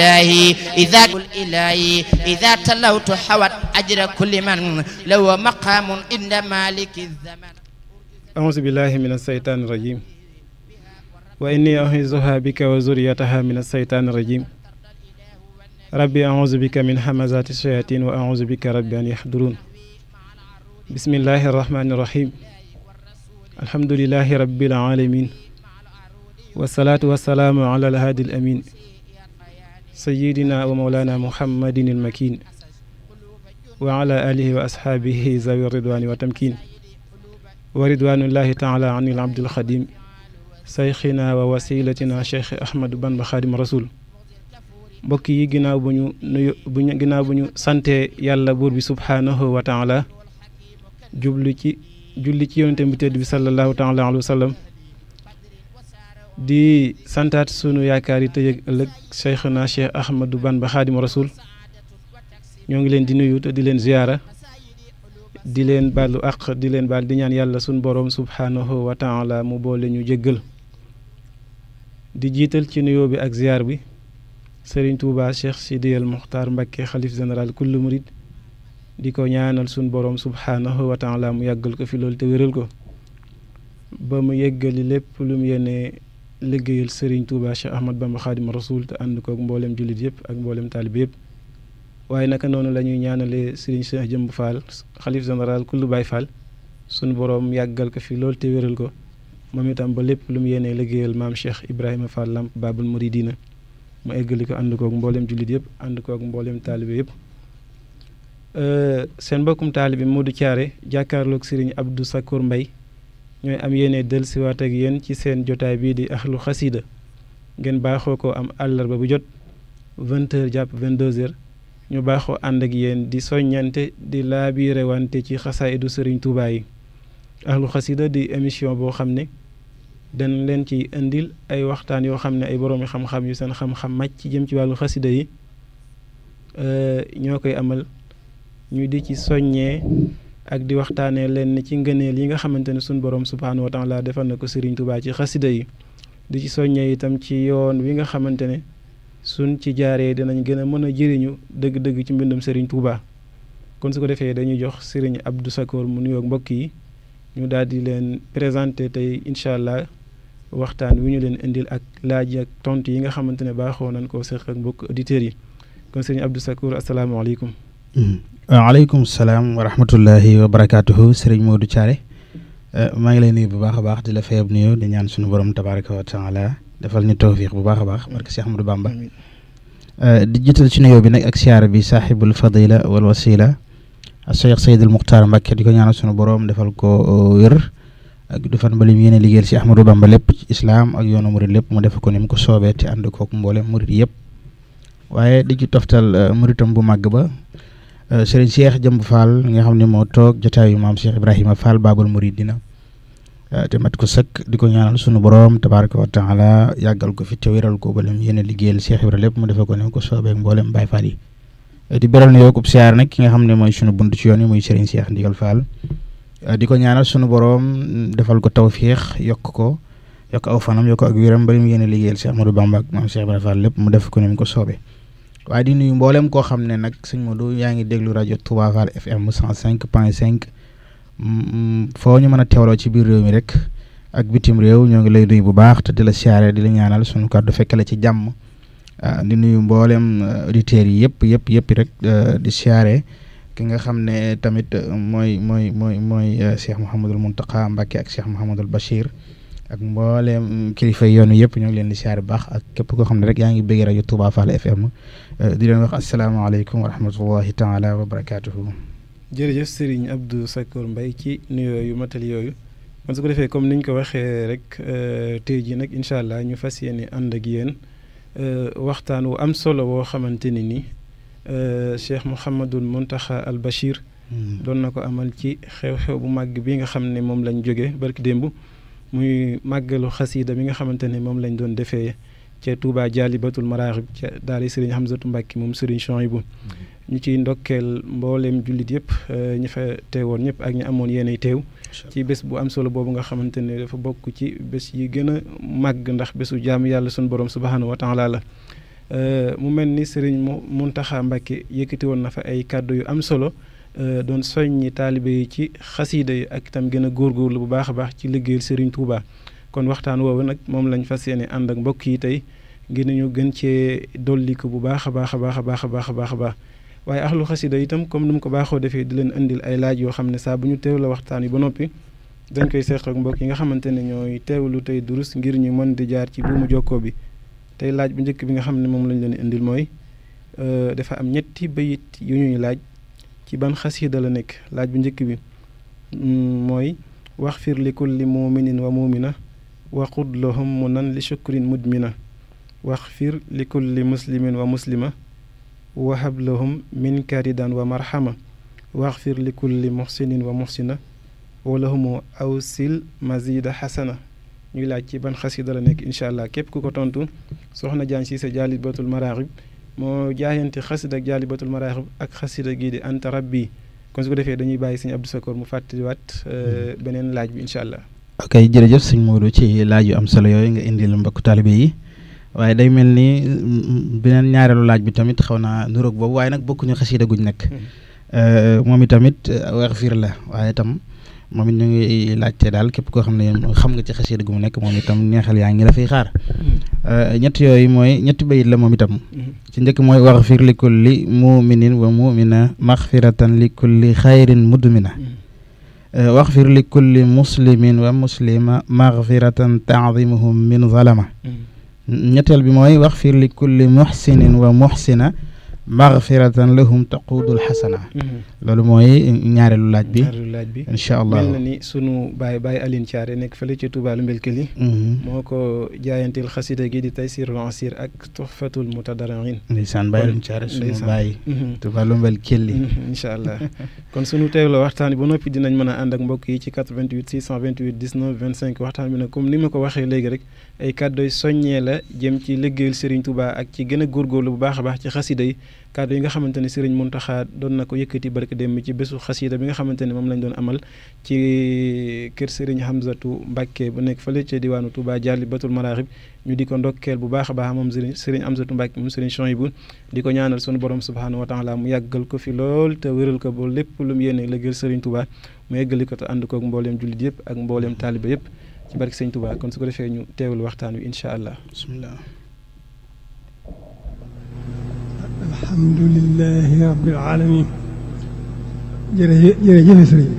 الله إذا قل إلهي إذا تلوت حوت أجر كل من لو مقام عند مالك الزمن أعوذ بالله من الشيطان الرجيم وإني أعيذها بك وزريتها من الشيطان الرجيم ربي أعوذ بك من همزات الشياطين وأعوذ بك ربي أن يحضرون بسم الله الرحمن الرحيم الحمد لله رب العالمين والصلاة والسلام على الهادي الأمين سيدنا ومولانا محمد المكين وعلى آله وأصحابه ذوي الرضوان والتمكين ورضوان الله تعالى عن العبد الخديم شيخنا ووسيلتنا شيخ أحمد بن بخادم رسول بكي جناب بنيو جناب بنيو سنت يلا بور سبحانه وتعالى جبلتي جلتي يوم تمتد الله تعالى عليه وسلم di santaat sunu yaakaar yi tëjëg ëllëg Cheikhuna Cheikh Ahmadou Bamba Xaadimu Rasul ñoo ngi leen di nuyu te di leen ziyaara di leen baalu àq di leen baal di ñaan yàlla sunu boroom subhaanahu wa taala mu boole ñu jéggal di jiital ci nuyoo bi ak ziyaar bi sëriñ Touba Cheikh Sidiyal Muxtaar Mbakke xalif général kullu murid di ko ñaanal sunu boroom subhaanahu wa taala mu yàggal ko fi loolu te wéral ko ba mu yëggali lépp lu mu liggéeyal Serigne Touba Cheikh Ahmad Bamba Xaadima Rasul te ànd koog mboolem jullit yëpp ak mboolem taalib yëpp waaye naka noonu la ñuy ñaanalee Serigne Cheikh Jëmb Fall xalif général kullu Baay Fall sunu borom yàggal ko fi loolu te wéral ko moom itam ba lépp lu mu yéenee liggéeyal maam Cheikh Ibrahima Fall Lamp Babul Muridina mu eggali ko ànd koog mboolem jullit yëpp ànd koog mboolem taalib yëpp. seen mbokkum taalib bi Modou Thiaré jàkkaarloog Serigne Abdou Sakour Mbaye ñooy am yéene dellusiwaat ak yéen ci seen jotaay bii di axlu xasida ngeen baaxoo ko am àllarba bu jot vingt jàpp vingt-deux heures ñu baaxoo ànd ak yéen di soññante di laabiire wante ci xasaayidu sëriñ Tuubaa yi axlu xasida di émission boo xam ne dañ leen ci indil ay waxtaan yoo xam ne ay boroomi xam-xam yu seen xam-xam màcc ci jëm ci wàllu xasida yi euh, ñoo koy amal ñu di ci soññee ak di waxtaanee leen ci ngëneel yi nga xamante ne suñu borom subhaanahu wa taala defal na ko Serigne Touba ci xasida yi di ci soññee itam ci yoon wi nga xamante ne suñ ci jaaree dinañ gën a mën a jëriñu dëgg-dëgg ci mbindum Serigne Touba kon su ko defee dañuy jox Serigne Abdou Sakor mu nuyoog mbokk yi ñu daal di leen présenté tey incha allah waxtaan wi ñu leen indil ak laaj ak tontu yi nga xamante ne baaxoo nañ koo seq ak mbokk auditeurs yi kon Serigne Abdou Sakor asalaamaaleykum. waaleykum mm-hmm. uh, salaam wa rahmatullahi wa barakaatuhu sëriñ Modou Thiaré uh, maa ngi lay nuyu bu baax a baax di la fayab nuyoo di ñaan suñu borom tabaraka wa taala defal ñu tawfiq bu baax a baax barke Cheikh Ahmadou Bamba uh, di jiital ci nuyoo bi nag ak siyaar bi saaxibul fadila wal wasila Cheikh Seydil Muxtaar Mbàkke di ko ñaanal suñu borom defal ko ak du fan ba lim yéene liggéeyal si Ahmadou Bamba lépp ci islaam ak yoonu murid lépp mu def ko ni mu ko soobee te ànd kook mboolem murid yëpp waaye di ci toftal muridam bu màgg ba Euh, sëriñ Cheikh Jëmb Fall nga xam ne moo toog jotaayu maam Cheikh Ibrahima Fall Baabul dina euh, te mat ko sëkk di ko ñaanal sunu borom tabaraka wa taala yàggal ko fi te wéral ko balam yéen a liggéeyal Cheikh lépp mu defee ko ne ko soobee mboolem Baye Fall yi euh, di beral ne ki nga xam ne mooy sunu bunt ci yoon yi muy Serigne Cheikh Ndigal faal di ko ñaanal sunu borom defal ko tawféex yokk ko yokk aw fanam yokk ak wéram bari mu yéen a liggéeyal Cheikh Amadou Ibra Fall lépp mu def ko ne ko soobe waaye di nuyu mboolem koo xam ne nag sëñ Modou yaa ngi déglu rajo Touba Fall FM 105.5 foo ñu mën a teewloo ci biir réew mi rek ak bitim réew ñoo ngi lay nuyu bu baax te di la siyaare di la ñaanal suñu kàddu fekk la ci jàmm ah, di nuyu mboolem uh, auditeurs yi yëpp yëpp yëpp rek uh, di siyaare ki nga xam ne tamit uh, mooy mooy mooy mooy Cheikh Mouhamadul Mountakha Mbacké ak Cheikh Mouhamadul Bachir. ak mbooleem kilifa yoonu yëpp ñoo ngi leen di siyaar baax ak képp koo xam ne rek yaa ngi bëgg rajo Touba Fall FM euh, di leen wax asalaamaaleykum wa rahmatullahi taala wa barakaatuhu. jërëjëf Serigne Abdou Sakor mbay ci nuyoo yu matali yooyu man su ko defee comme ñu ko waxee rek euh, tey jii nag incha allah ñu fas yéene ànd ak yéen euh, waxtaan wu am solo woo xamante ni ni Cheikh Mouhamadul Mountakha Al Bachir. Hmm. doon na ko amal ci xew-xew bu màgg bi nga xam ne moom lañ jógee barki démb. muy màggalu xasiida mi nga xamante ne moom lañ doon defee ca Touba Jaalibatul bi ca daari Serigne Hamzatu Mbàkke moom Serigne Chouaïbou mm-hmm. ñu ci ndokkeel mbooleem jullit yëpp euh, ñu fa teewoon ñëpp ak ñu amoon yéenay teew ci bés bu am solo boobu nga xamante ne dafa bokk ci bés yi gën a màgg ndax bésu jaam yàlla suñu borom subhaanahu wa taala la euh, mu mel ni Serigne Muntaxa Mbàkke yëkkati woon na fa ay kàddu yu am solo Euh, doon soññi taalibe yi ci xasiida yi ak itam gën a góorlu bu baax a baax ci liggéeyal Serigne Touba kon waxtaan woowu nag moom lañ fa yéene ànd ak mbokk yi tey ngir ñu gën cee dolliku bu baax a baax a baax a baax a baax a baax a baax waaye axlu xasida itam comme ni mu ko baaxoo defee di leen indil ay laaj yoo xam ne bu ñu teew la waxtaan yi ba noppi dañ koy seq ak mbokk yi nga xamante ne ñooy teewlu tey durus ngir ñu mën di jaar ci buumu jokkoo bi tey laaj bu njëkk bi nga xam ne moom lañ leen indil mooy euh, dafa am ñetti bayit yu ñuy laaj ci ban xasida la nekk laaj bu njëkk bi mooy waxfir li kulli muminin wa mumina waqud lahum munan li shukrin mudmina waxfir li kulli muslimin wa muslima wahab lahum min karidan wa marhama waxfir li kulli muhsinin wa muhsina wa lahum awsil mazida hasana ñuy laaj ci ban xasida la nekk inshallah allah képp ku ko tontu soxna jaan si sa batul maraqib moo jaayante xasida ak jaalibatul maraaxib ak xasida gii di anta rabbi kon su ko defee dañuy bàyyi sëñ Abdou Sakor mu fàttaliwaat beneen laaj bi incha allah. ok jërëjëf sëñ Modou ci laaj yu am solo yooyu nga indil mbokku talibe yi waaye day mel ni beneen ñaareelu laaj bi tamit xaw naa nuroog boobu waaye nag bokkuñu xasida guñ nekk moom itamit wax fiir la waaye tam. moom it ñu ngi laajte daal képp koo xam ne xam nga ci xasida gu mu nekk moom itam neexal yaa ngi la fiy xaar euh, ñett yooyu mooy ñetti bayit la moom itam mm-hmm. ci njëkk mooy waxfir li kulli muminin wa mumina maxfiratan li kulli xayrin mudmina mm-hmm. euh, waxfir li kulli muslimin wa muslima maxfiratan taadimuhum min zalama mm-hmm. ñetteel bi mooy waxfir li kulli muxsinin wa muxsina مغفرة لهم تقود الحسنة لولو موي نيار لولاج بي نيار لولاج بي ان شاء الله ملني سونو باي باي الين تيار نيك فلي تي توبا لملكلي موكو جاينتي الخسيده جي دي تيسير العصير اك تحفه المتدرعين نيسان باي الين تيار سونو باي توبا لملكلي ان شاء الله كون سونو تيو لو واختاني بو نوبي دي نان مانا اندك موك يي 88 628 19 25 واختاني مينا كوم نيما كو واخي ليغي ريك اي كادوي سوغنيلا جيم تي ليغيل سيرين توبا اك تي غينا غورغولو بو باخ باخ خسيده kàddu yi nga xamante ne Serigne Mountakha doon na ko yëkkati barke démb ci bésu xasida bi nga xamante ne moom lañ doon amal ci kër Serigne Hamzatu Mbacke bu nekk fële ca diwaanu tubaa Touba Diallibatul Maraaxib ñu di ko ndokkeel bu baax a baax moom Serigne Serigne Hamzatu Mbacke moom Serigne Chouhaïbou di ko ñaanal sunu borom subhaanahu wa taala mu yàggal ko fi lool te wéral ko ba lépp lu mu yéene liggéeyal sëriñ tubaa mu yeggali ko te ànd koog mbooleem jullit yëpp ak mbooleem taaliba yëpp ci barke kon su ko defee ñu teewlu waxtaan incha allah bismillah الحمد لله رب العالمين جرى جرى جرى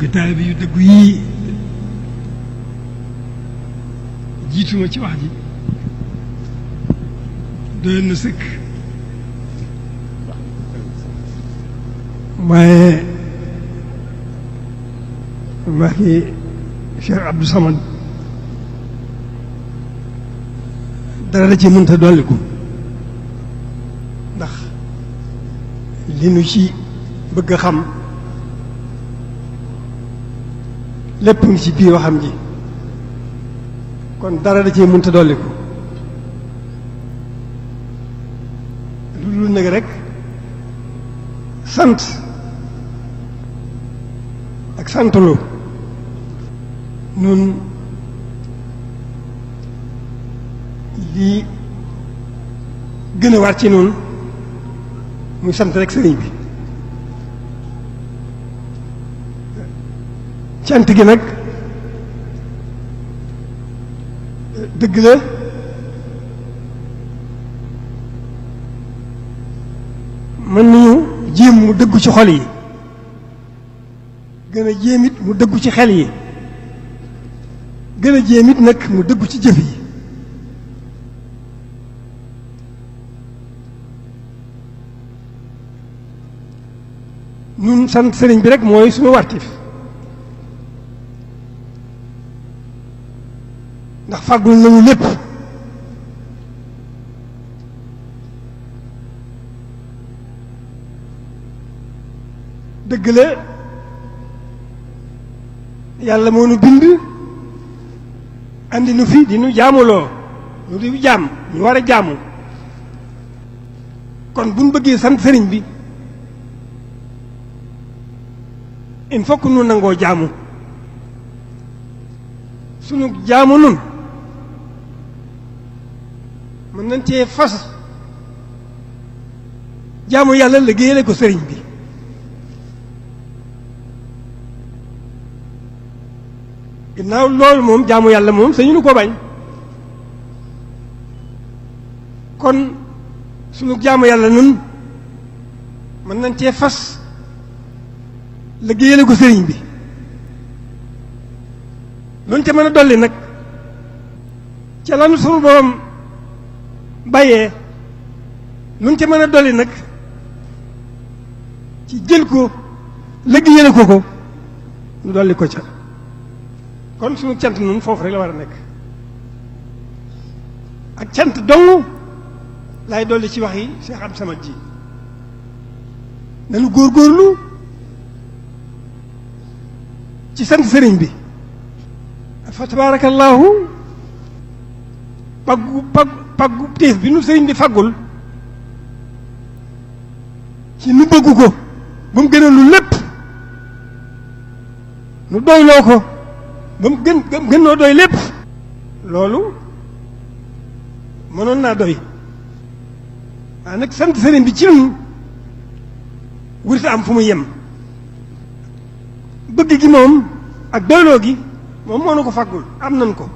كتاب يدقوي جيتو ما تي واخدي دو نسك ما ما هي شيخ عبد الصمد dara da ci mënta dolliku ndax li nu ci bëgg a xam lépp ngi ci biir waxam ji kon dara da cee mënta dolliku lu dul nag rek sant ak santlu nun di gën a war ci noonu muy sant rekk sëriñ bi cant gi nag dëgg la mën nañu jéem mu dëggu ci xol yi gën a jéem it mu dëggu ci xel yi gën a jéem it nag mu dëggu ci jëf yi sant sëriñ bi rek mooy suñu wartif ndax fàggul nañu lépp dëgg yàlla moo nu bind andi nu fi di nu jaamuloo nu di jaam ñu war a jaamu kon buñ bëggee sant sëriñ bi il faut que nu nangoo jaamu sunu jaamu nun mën nañ cee fas jaamu yàlla liggéeyale ko sëriñ bi ginnaaw loolu moom jaamu yàlla moom sañu nu ko bañ kon sunu jaamu yàlla nun mën nañ cee fas liggéeyale ko sëriñ bi luñ ca mën a dolli nag ca lan suñu borom bàyyee luñ ca mën a dolli nag ci jël ko liggéeyale ko ko ñu dolli ko ca kon suñu cant noonu foofu rek la war a nekk ak cant dong lay dolli ci wax yi Cheikh Abdou Samad ji nañu góorgóorlu ci sant sëriñ bi fa tabaarakallaahu paggu paggu paggu tiis bi nu sëriñ bi faggul ci nu bëggu ko ba mu gënal lu lépp nu doyloo ko ba mu gën gën noo doy lépp loolu mënoon naa doy waaye nag sant sëriñ bi ci nun wurta am fu mu yem bëgg gi moom ak doyloo gi moom moo nu ko faggul am nañ ko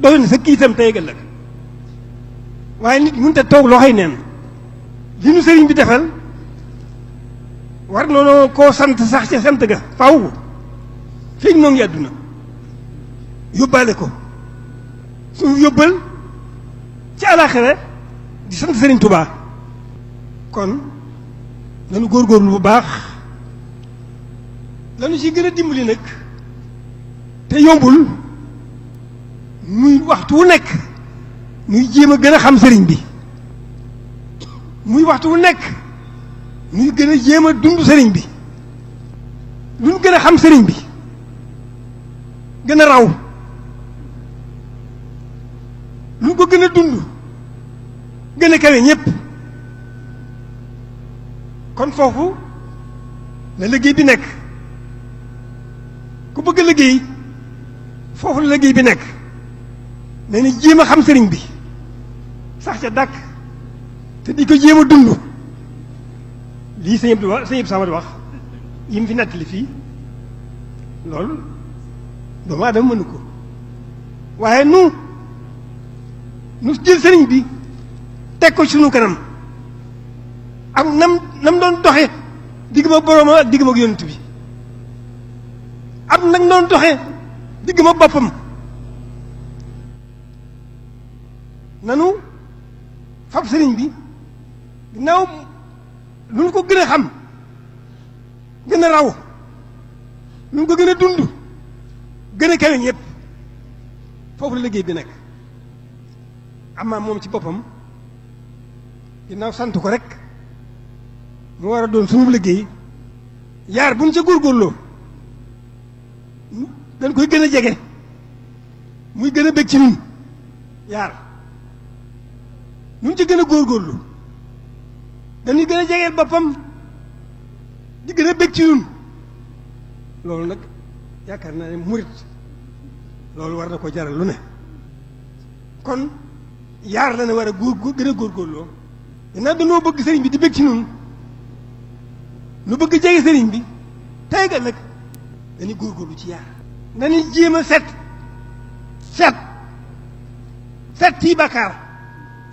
doy na sa kiitam tey ëllëg waaye nit mënut a toog loxoy neen li nu sëriñ bi defal war noonu koo sant sax ca sant ga faw feeñ noo ngi àdduna yóbbaale ko suñu yóbbal ci àllaaxira di sant sëriñ tubaa kon nanu góorgóorlu bu baax lañu ci gën a dimbali nag te yombul muy waxtu wu nekk muy jéem a gën a xam sëriñ bi muy waxtu wu nekk muy gën a jéem a dund sëriñ bi luñ gën a xam sëriñ bi gën a raw lu ko gën a dund gën a kawe ñëpp kon foofu la liggéey bi nekk ku bëgg liggéey foofu la bi nekk nee na jéem a xam sëriñ bi sax ca dàkk te di ko jéem a dund lii sëñ Abdou wax sëñ Abdou wax yi mu fi nettali fii loolu doomu aadama mënu ko waaye nu nu jël sëriñ bi teg ko ci sunu kanam ak nam nam doon doxe digg ma borooma ak digg ma yonent bi at nag noonu doxee digg ma boppam nanu fab sëriñ bi ginnaaw lu ñu ko gën a xam gën a raw lu ñu ko gën a dund gën a kawe ñëpp foofu la liggéey bi nekk amaa moom ci boppam ginnaaw sant ko rek mu war a doon suñu liggéey yaar buñ ca góorgóorloo dañ koy gën a jege muy gën a bëgg ci ñun yaar ñun ci gën a góorgóorlu dañuy gën a jegeel boppam di gën a bëgg ci ñun loolu nag yaakaar naa ne murit loolu war na ko jaral lu ne kon yaar la ne war a góor gën a góorgóorloo danaa danoo bëgg sëriñ bi di bëgg ci ñun nu bëgg jege sëriñ bi tey nag dañu góorgóorlu ci yaar dañu jéem a set set set ci bàkkaar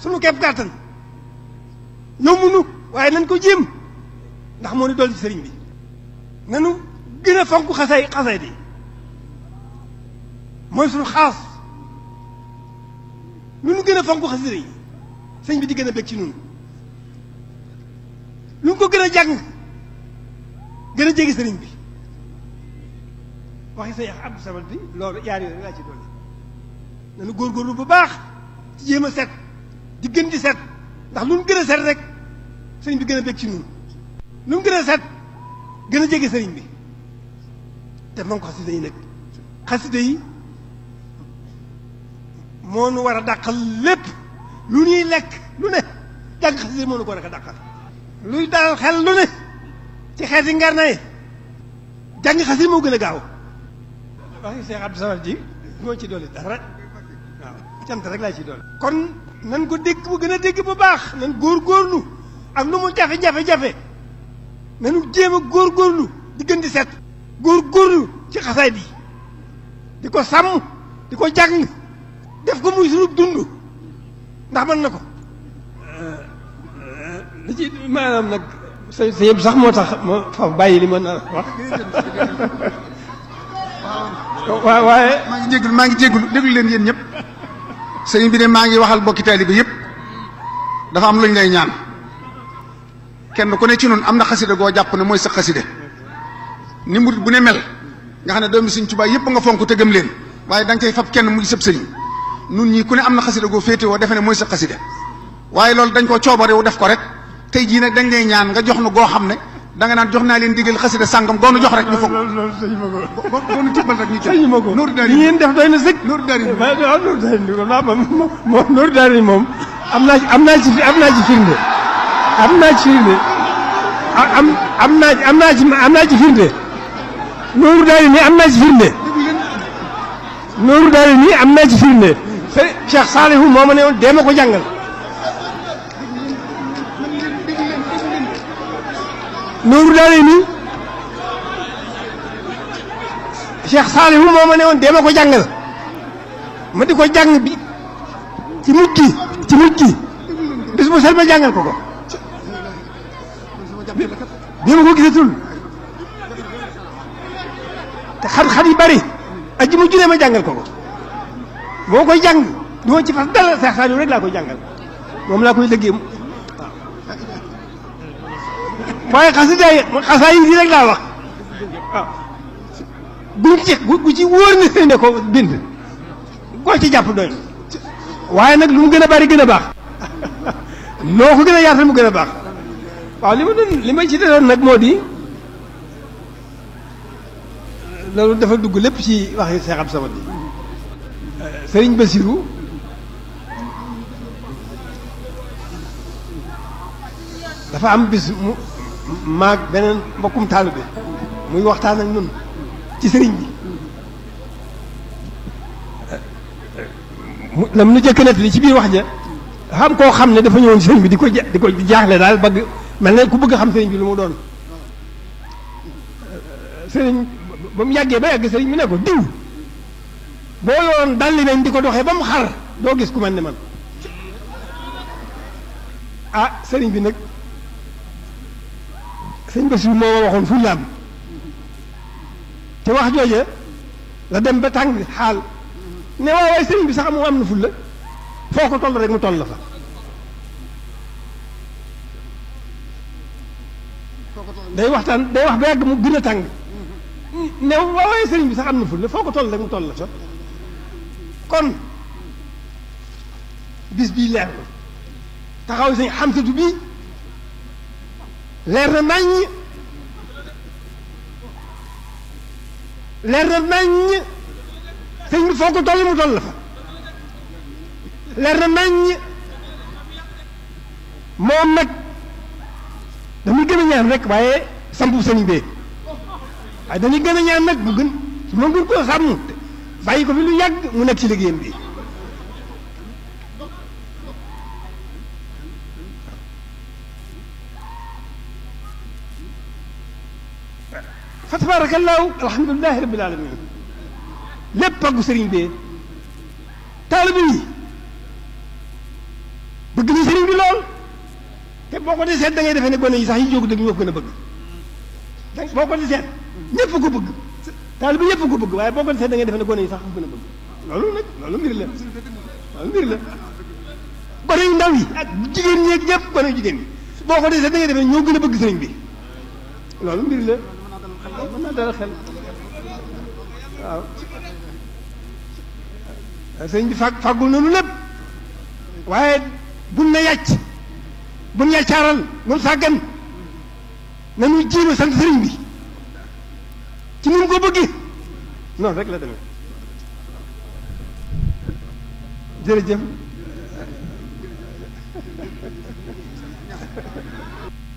sunu képp kàttan yombunu waaye nañ ko jéem ndax moo ni dolli ci sëriñ bi nanu gën a fonk xasay xasay di mooy suñu xaas lu nu gën a fonk xasida sëñ bi di gën a bëgg ci ñun lu nu ko gën a jàng gën a jege sëriñ bi waxi sa yax abdu samat bi loolu yaar yooyu laa ci dolli nanu góorgóorlu bu baax ci jéem a set di gën di set ndax lu mu gën a set rek sëriñ bi gën a bég ci ñun lu mu gën a set gën a jege sëriñ bi te man ko xasida yi nag xasida moo nu war a dàqal lépp lu ñuy lekk lu ne jàng xasida yi moo nu ko war a dàqal luy daal xel lu ne ci xeeti ngar naye jàng xasida yi moo gën a gaaw waxi Cheikh Abdou Samad ji moo ci dolli dara waaw cant rek laa ci dolli. kon nan ko dégg bu gën a dégg bu baax nan góorgóorlu ak lu mu jafe-jafe-jafe nanu jéem a góorgóorlu di gën di set góorgóorlu ci xasaay bi di ko sàmm di ko jàng def ko mu sunu dund ndax mën na ko li ci maanaam nag sa sa yëpp sax moo tax ma fa bàyyi li ma nar wax waaw waaye maa ngi jégalu maa ngi jégalu déglu leen yéen ñëpp sëriñ bi ne maa ngi waxal bokki bi yëpp dafa am luñ lay ñaan kenn ku ne ci noonu am na xaside goo jàpp ne mooy sa xaside ni bu ne mel nga xam ne doomi Sëriñ Tuubaa yëpp nga fonk te leen waaye da nga cay kenn mu ngi sëb nun ñii ku ne am na xaside goo féete woo defe mooy sa xaside waaye loolu dañ ko coobare wu def ko rek tey jii nag dañ lay ñaan nga jox nu goo xam ne danga nga naan jox naa leen digal xasida sàngam goonu jox rek ñu foog goonu tibbal rek ñu jël nooru daari ngeen def doy na sëkk nooru am naa am naa ci am naa ci firnde am naa ci am am naa am naa ci am naa ci firnde nooru daari nii am naa firnde nooru daari nii am naa ci hmm. ko jàngal Nuuru Daarayni Cheikh Saalihu moo ma ne woon dee ma ko jàngal ma di ko jàng bi ci mujj ci mujj bis bu sel ma jàngal ko ko bi ma ko gisatul te xam-xam yi bari aji mu juree ma jàngal ko ko boo koy jàng du ma ci fas dara Cheikh Saalihu rek laa koy jàngal moom laa koy liggéey waaye xasida yi xasaayid yi rek laa wax waaw buñ ci bu ci wóor na ne ko bind koo ci jàpp doy waaye nag lu mu gën a bari gën a baax noo ko gën a yaatal mu gën a baax waaw li ma doon li ma ci doon nag moo di loolu dafa dugg lépp ci waxi Seex Abdu Samad bi Sëriñ Basiru dafa am bis mu maag beneen mbokkum taalibe muy waxtaan ak ñun ci sëriñ bi mu lam nu jëkk nett li ci biir wax ja xam koo xam ne dafa ñëwoon sëriñ bi di ko di ko jaaxle daal bagg mel ne ku bëgg xam sëriñ bi lu mu doon sëriñ ba mu yàggee ba yàgg sëriñ bi ne ko diw boo yoon dalli nañ di ko doxee ba mu xar doo gis ku mel ne man ah sëriñ bi nag sëñ Basiru moo ma waxoon fullaam te wax jooje la dem ba tàng xaal ne waaw waay sëriñ bi sax am na fulla foo ko toll rek mu toll la fa waxtaan day mu gën a tàng ne bi sax am na fulla foo toll rek mu toll la kon bis bii leer taxaw sëñ xamsatu bii leer na naññ leer na nañ sëñ bi foo ko toll mu toll fa leer na naññ moom nag dañuy gën a ñaan rek waaye sampu sëñ bee waaye dañuy gën a ñaan nag mu gën su ma gën koo sàmm bàyyi ko fi lu yàgg mu nekk ci liggéeyam bi tabaarakallaahu alhamdulilahi rabbil alamin lépp pàggu sëriñ bi taalibe yi bëgg na sëriñ bi lool te boo ko di seet da ngay defee ne gone yi sax yi jóg dëgg ñoo ko gën a bëgg da boo ko di seet ñëpp ko bëgg waaye boo da ngay defee ne gone yi sax ko gën a bëgg loolu nag loolu mbir la loolu gone yu ndaw yi ak jigéen ñeeg ñëpp gone yu jigéen yi boo ko di na da ngay defee ne ñoo gën a bëgg sëriñ bi mën na dara xel waaw sëñ bi fag fàggul na nu lépp waaye bun na yàcc bun yàccaaral bun sàggan nanu jiinu sant sëriñ bi ci ni mu ko bëggi noonu rek la demee jërëjëf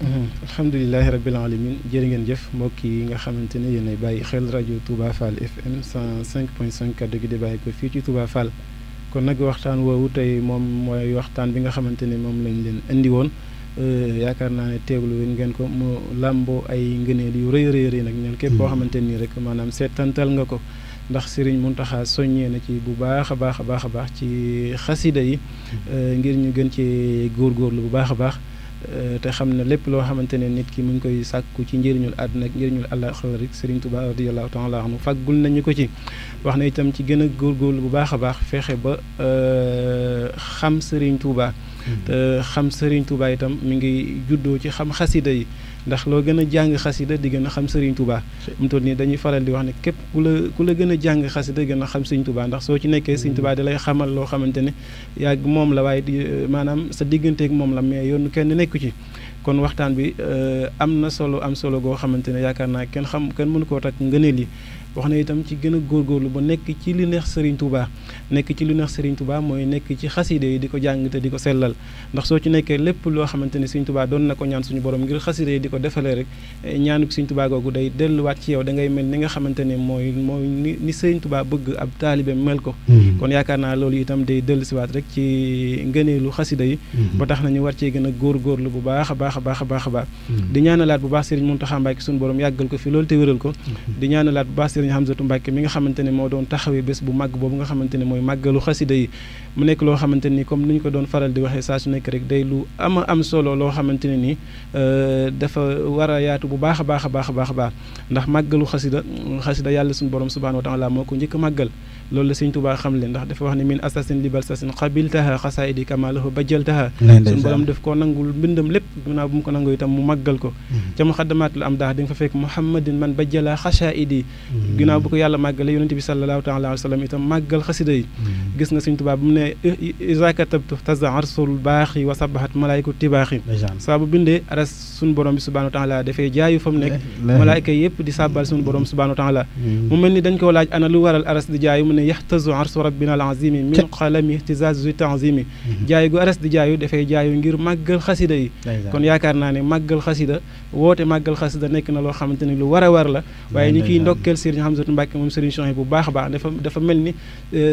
Mhm. alhamdulilahi rabil alamin jërë ngeen jëf mbokk yi nga xamante ne yéenay bàyyi xel rajo Touba Fall FM 105.5 kaddu gi di bàyyi ko fii ci Touba kon nag waxtaan woowu tey moom mooy waxtaan bi nga xamante ne moom lañ leen indi woon euh, yaakaar naa ne teeglu wén ngeen ko mu làmboo ay ngëneel yu rëy rëy nag ñeen képp koo mhm. xamante nii rek maanaam seetantal nga ko ndax sëriñ mun Mountakha soññee na ci bu baax a baax a baax a baax ci xasida yi mhm. euh, ngir ñu gën ci góor góorgóorlu bu baax a baax Euh, te xam na lépp loo xamante ne nit ki mu ngi koy sàkku ci njëriñul àdduna ak njëriñul àllaaxira rek Sëriñ Tuubaa radiyallaahu taala anhu fàggul nañu ko ci wax na itam ci gën a góorgóorlu bu baax a baax fexe ba euh, xam Sëriñ Tuubaa hmm. te xam Sëriñ Tuubaa itam mu ngi juddoo ci xam xasida yi ndax loo gën a jàng xasida di gën a xam Serigne Touba mu toll nii dañuy faral di wax ne képp ku la ku la gën a jàng xasida gën a xam Serigne Touba ndax soo ci nekkee Serigne Touba mm-hmm. da lay xamal loo xamante ne yàgg moom la waaye di euh, maanaam sa digganteeg moom la mais yoonu kenn nekku ci kon waxtaan bi euh, am na solo am solo goo xamante ne yaakaar naa kenn xam kenn mënu koo takk ngëneel yi wax na itam ci gën a góorgóorlu ba nekk ci li neex Serigne Touba nekk ci lu neex Serigne Touba mooy nekk ci xaside yi di ko jàng te di ko sellal ndax soo ci nekkee lépp loo xamante ne Serigne Touba doon na ko ñaan suñu borom ngir xaside yi di ko defalee rek eh, ñaanuk Serigne Touba googu day delluwaat ci yow da ngay mel ni nga xamante ne mooy mooy ni ni Serigne Touba bëgg ab taalibe mel ko hmm. kon yaakaar naa loolu itam day dellusiwaat rek ci ngëneelu xasida yi hmm. ba tax nañu war cee gën bu baax a baax a a a baax hmm. di ko fi loolu te wéral ko di ñaanalaat bu baax Serigne Hamzatou Mbacké mi nga xamante ne moo doon taxawee bés bu màgg boobu nga xamante ne muy màggalu xasida yi mu nekk loo xamante ni comme ni ñu ko doon faral di waxee saa su nekk rek day lu ama am solo loo xamante ne ni euh, dafa war a yaatu bu baax a baax a baax a baax ndax màggalu xasida xasida yàlla suñu borom subhaanahu wa taala moo ko njëkk màggal loolu la sëñ Tuubaa xam le ndax dafa wax ne min asasin libal sasin xabiltaha xasaayidi kamaalahu bajjaltaha suñu borom def koo nangul mbindam lépp ginnaaw bu mu ko nangu itam mu màggal ko ca muxaddamaatul am daax di nga fa fekk muhammadin man bajjala xasaayidi ginnaaw bu ko yàlla màggale yonente bi sallallahu taala alayhi wa sallam itam màggal xasida yi gis nga sëñ Tuubaa bu mu ne isakatabtu tazaarsul baaxi wa sabahat malaayku tibaaxi saa bu bindee aras suñu borom bi subhanahu wa taala dafay jaayu fa mu nekk malaayka yëpp di sàbbal suñu borom subhanahu wa taala mu mel ni dañ koo laaj ana lu waral aras di jaayu ne yaxtasu arsu rabbina al azimi min xalami ihtisas zu tanzimi jaayu gu aras di jaayu dafay jaayu ngir màggal xasida yi kon yaakaar naa ne màggal xasida woote màggal xasida nekk na loo xamante ni lu war a war la waaye ñu ciy ndokkeel Serigne Hamzatou Mbacké moom Serigne Chouhaïbou bu baax a baax dafa dafa mel ni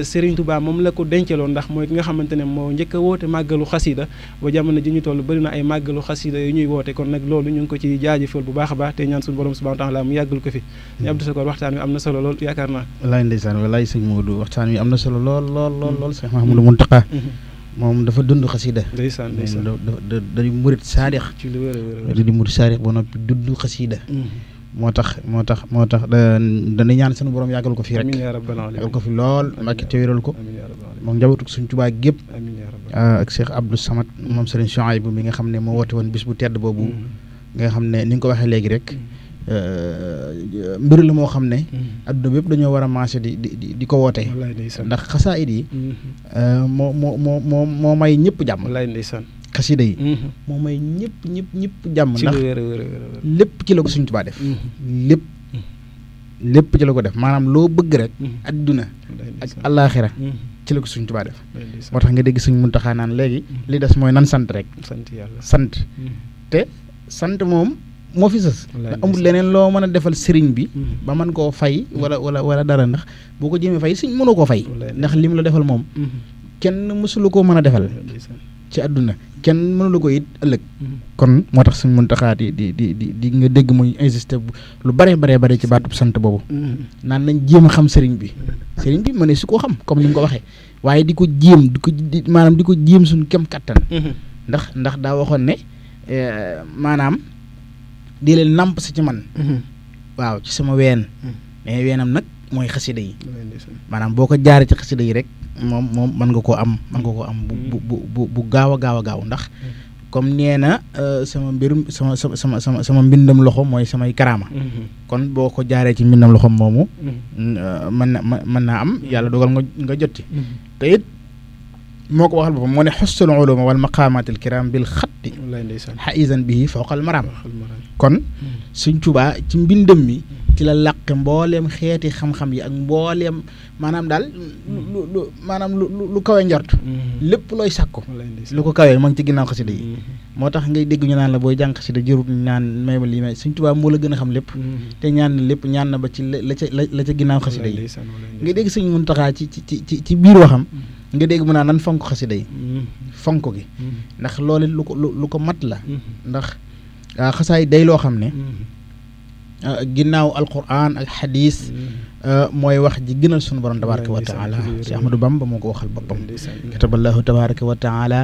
Serigne Touba moom la ko dencaloon ndax mooy ki nga xamante ne moo njëkk a woote màggalu xasida ba jamono ji ñu toll bëri na ay màggalu xasida yu ñuy woote kon nag loolu ñu ngi ko ci jaajëfal bu baax a baax te ñaan suñu borom subhanahu wa taala mu yàggal ko fi ñu Abdou Sakor waxtaan wi am na solo lool yaakaar naa Modou waxtaan wi amna solo lol lol lol lol Cheikh Mahamadou muntaka mom mm-hmm. dafa dund xasida dañu mourid sadiq ci saadix wéré wéré dañu mourid sadiq bo nopi moo tax motax motax motax da na ñaan sunu borom yàggal ko fi rek ya yàggal ko fi lol mak ci wéral ko gep amin ya rabbal ya ah, alamin ak Cheikh Abdou Samad mom Serigne Souhaïbou mi nga xamne mo moo won bis bu tedd bobu mm-hmm. nga xamne ni nga ko waxee rek mm-hmm. Euh, mbir la moo xam ne. Mm-hmm. adduna bépp dañoo war a marché di di di ko woote. ndax xasaayit yi. Mm-hmm. Euh, moo moo moo moo moo may ñëpp jàmm. wallaay ndeysaan mm-hmm. ñëpp ñëpp ñëpp jàmm. ndax lépp ci la ko Sëñ Tuubaa def. lépp lépp ci la ko def maanaam loo bëgg rek. adduna ak allaaxira ci la ko Sëñ Tuubaa def. moo tax nga dégg Sëñ Muntaxa naan léegi. li des mooy nan sant rek. sant yàlla sant te sant moom. moo fi sës amul leneen loo mën a defal sëriñ bi mm-hmm. ba mën koo fay wala wala wala dara ndax boo ko jéemee fay suñ mënu koo fay ndax lim la defal moom mm-hmm. kenn mësulu koo mën a defal ci àdduna kenn mënula ko it ëllëg mm-hmm. kon moo tax suñ muntaxaa di di di di di nga dégg muy insisté lu bare bare bare ci baatub sant boobu naan nañ jéem a xam sëriñ bi sëriñ bi mënee su koo xam comme ni nga ko waxee waaye di ko jéem di ko di maanaam di ko jéem suñ kem kattan ndax ndax daa waxoon ne eh, maanaam di leen namp si ci man. Mm-hmm. waaw ci sama ween. Mm-hmm. mais weenam nag mooy xasida yi. maanaam boo ko jaaree ci xasida yi rek moom moom mën nga koo am mën nga koo am. bu bu bu bu gaaw a gaaw ndax. Mm-hmm. comme nee na euh, sama mbirum sama sama sama sama mbindam loxo mooy samay karaama. kon boo ko jaaree ci mbindam loxo moomu. Euh, mën na mën naa am yàlla dogal nga nga jotti te moo ko waxal boppam mu ne xustul uluma wal maqaamaatil kiraam bil xatti xaisan bihi fooqal maraam kon Sëñ Tuubaa ci mbindam mi ci la làq mbooleem xeeti xam-xam yi ak mbooleem maanaam daal lu lu maanaam lu lu kawe njort lépp looy sàkku lu ko kawee ma ci ginnaaw xasida yi moo ngay dégg ñu naan la booy jàng xasida jërut naan may ma lii may Sëñ Tuubaa moo la gën a xam lépp te ñaan na lépp ñaan na ba ci la ca la ca yi ngay dégg Sëñ Muntaxaa ci ci ci biir waxam nga dégg mu naa nan fonk xasi day fonk gi ndax loole lu ko lu ko mat la ndax xasaay day loo xam ne ginnaaw alquran ak xadis mooy wax ji gënal sunu borom tabaraka wa taala si ahmadou bam ba moo ko waxal boppam kataballahu tabaraka wa taala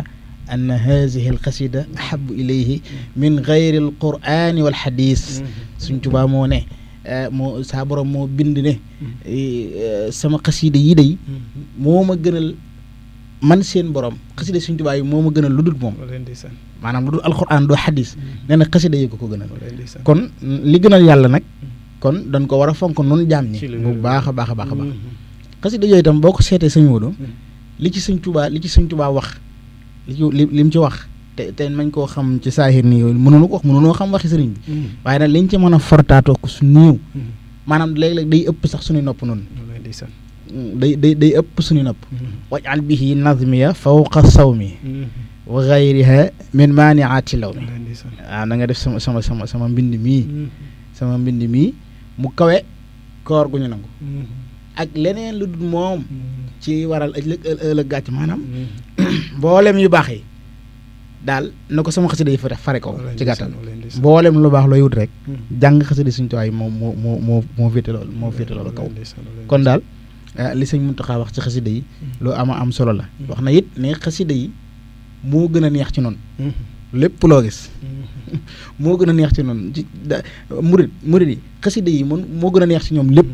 an haadihi alqasida ahabu ilayhi min gayri alqurani walxadis suñ tubaa moo ne moo saa borom moo bind ne sama xasida yi day moo ma gënal man seen borom xasida Sëriñ Tuubaa yi moo ma gën a lu dul moom maanaam lu dul alxuraan doo xadis mm-hmm. nee na xasida yi ko ko gënal kon li gënal yàlla nag mm-hmm. kon dañ ko war a fonk noonu jaam ñi bu baax baax baax a baax mm-hmm. xasida yooyu itam boo ko seetee Sëriñ Moodu li ci Sëriñ Tuubaa li ci Sëriñ Tuubaa wax li ci li mu ci wax te te mañ koo xam ci saahir nii yooyu mënuñu ko wax mënuñoo xam waxi sëriñ bi waaye nag liñ ci mën a fortaatoo ko su néew maanaam léeg-léeg day ëpp sax suñuy nopp noonu day day day ëpp suñu nopp wajal bihi nazmiya fawqa sawmi wa gayriha min maaniaati law mi waaw na nga def sama sama sama sama mbind mii sama mbind mii mu kawe koor gu ñu nangu ak leneen lu dul moom ci waral ëllëg ëllëg gàcc maanaam mboolem yu baax yi daal na ko sama xasida yi fa fare ko ci gàttal mboolem lu baax looy wut rek jàng xasida suñu tuwaay moo moo moo moo féete loolu moo féete loolu kaw kon daal Eh, li sëñ Muntaxa wax ci xasida yi hmm. loo am am solo la hmm. wax na it ne xasida yi moo gën a neex ci noonu hmm. lépp loo gis moo gën a neex ci noonu ci murit murit yi xasida yi moom moo gën a neex ci ñoom lépp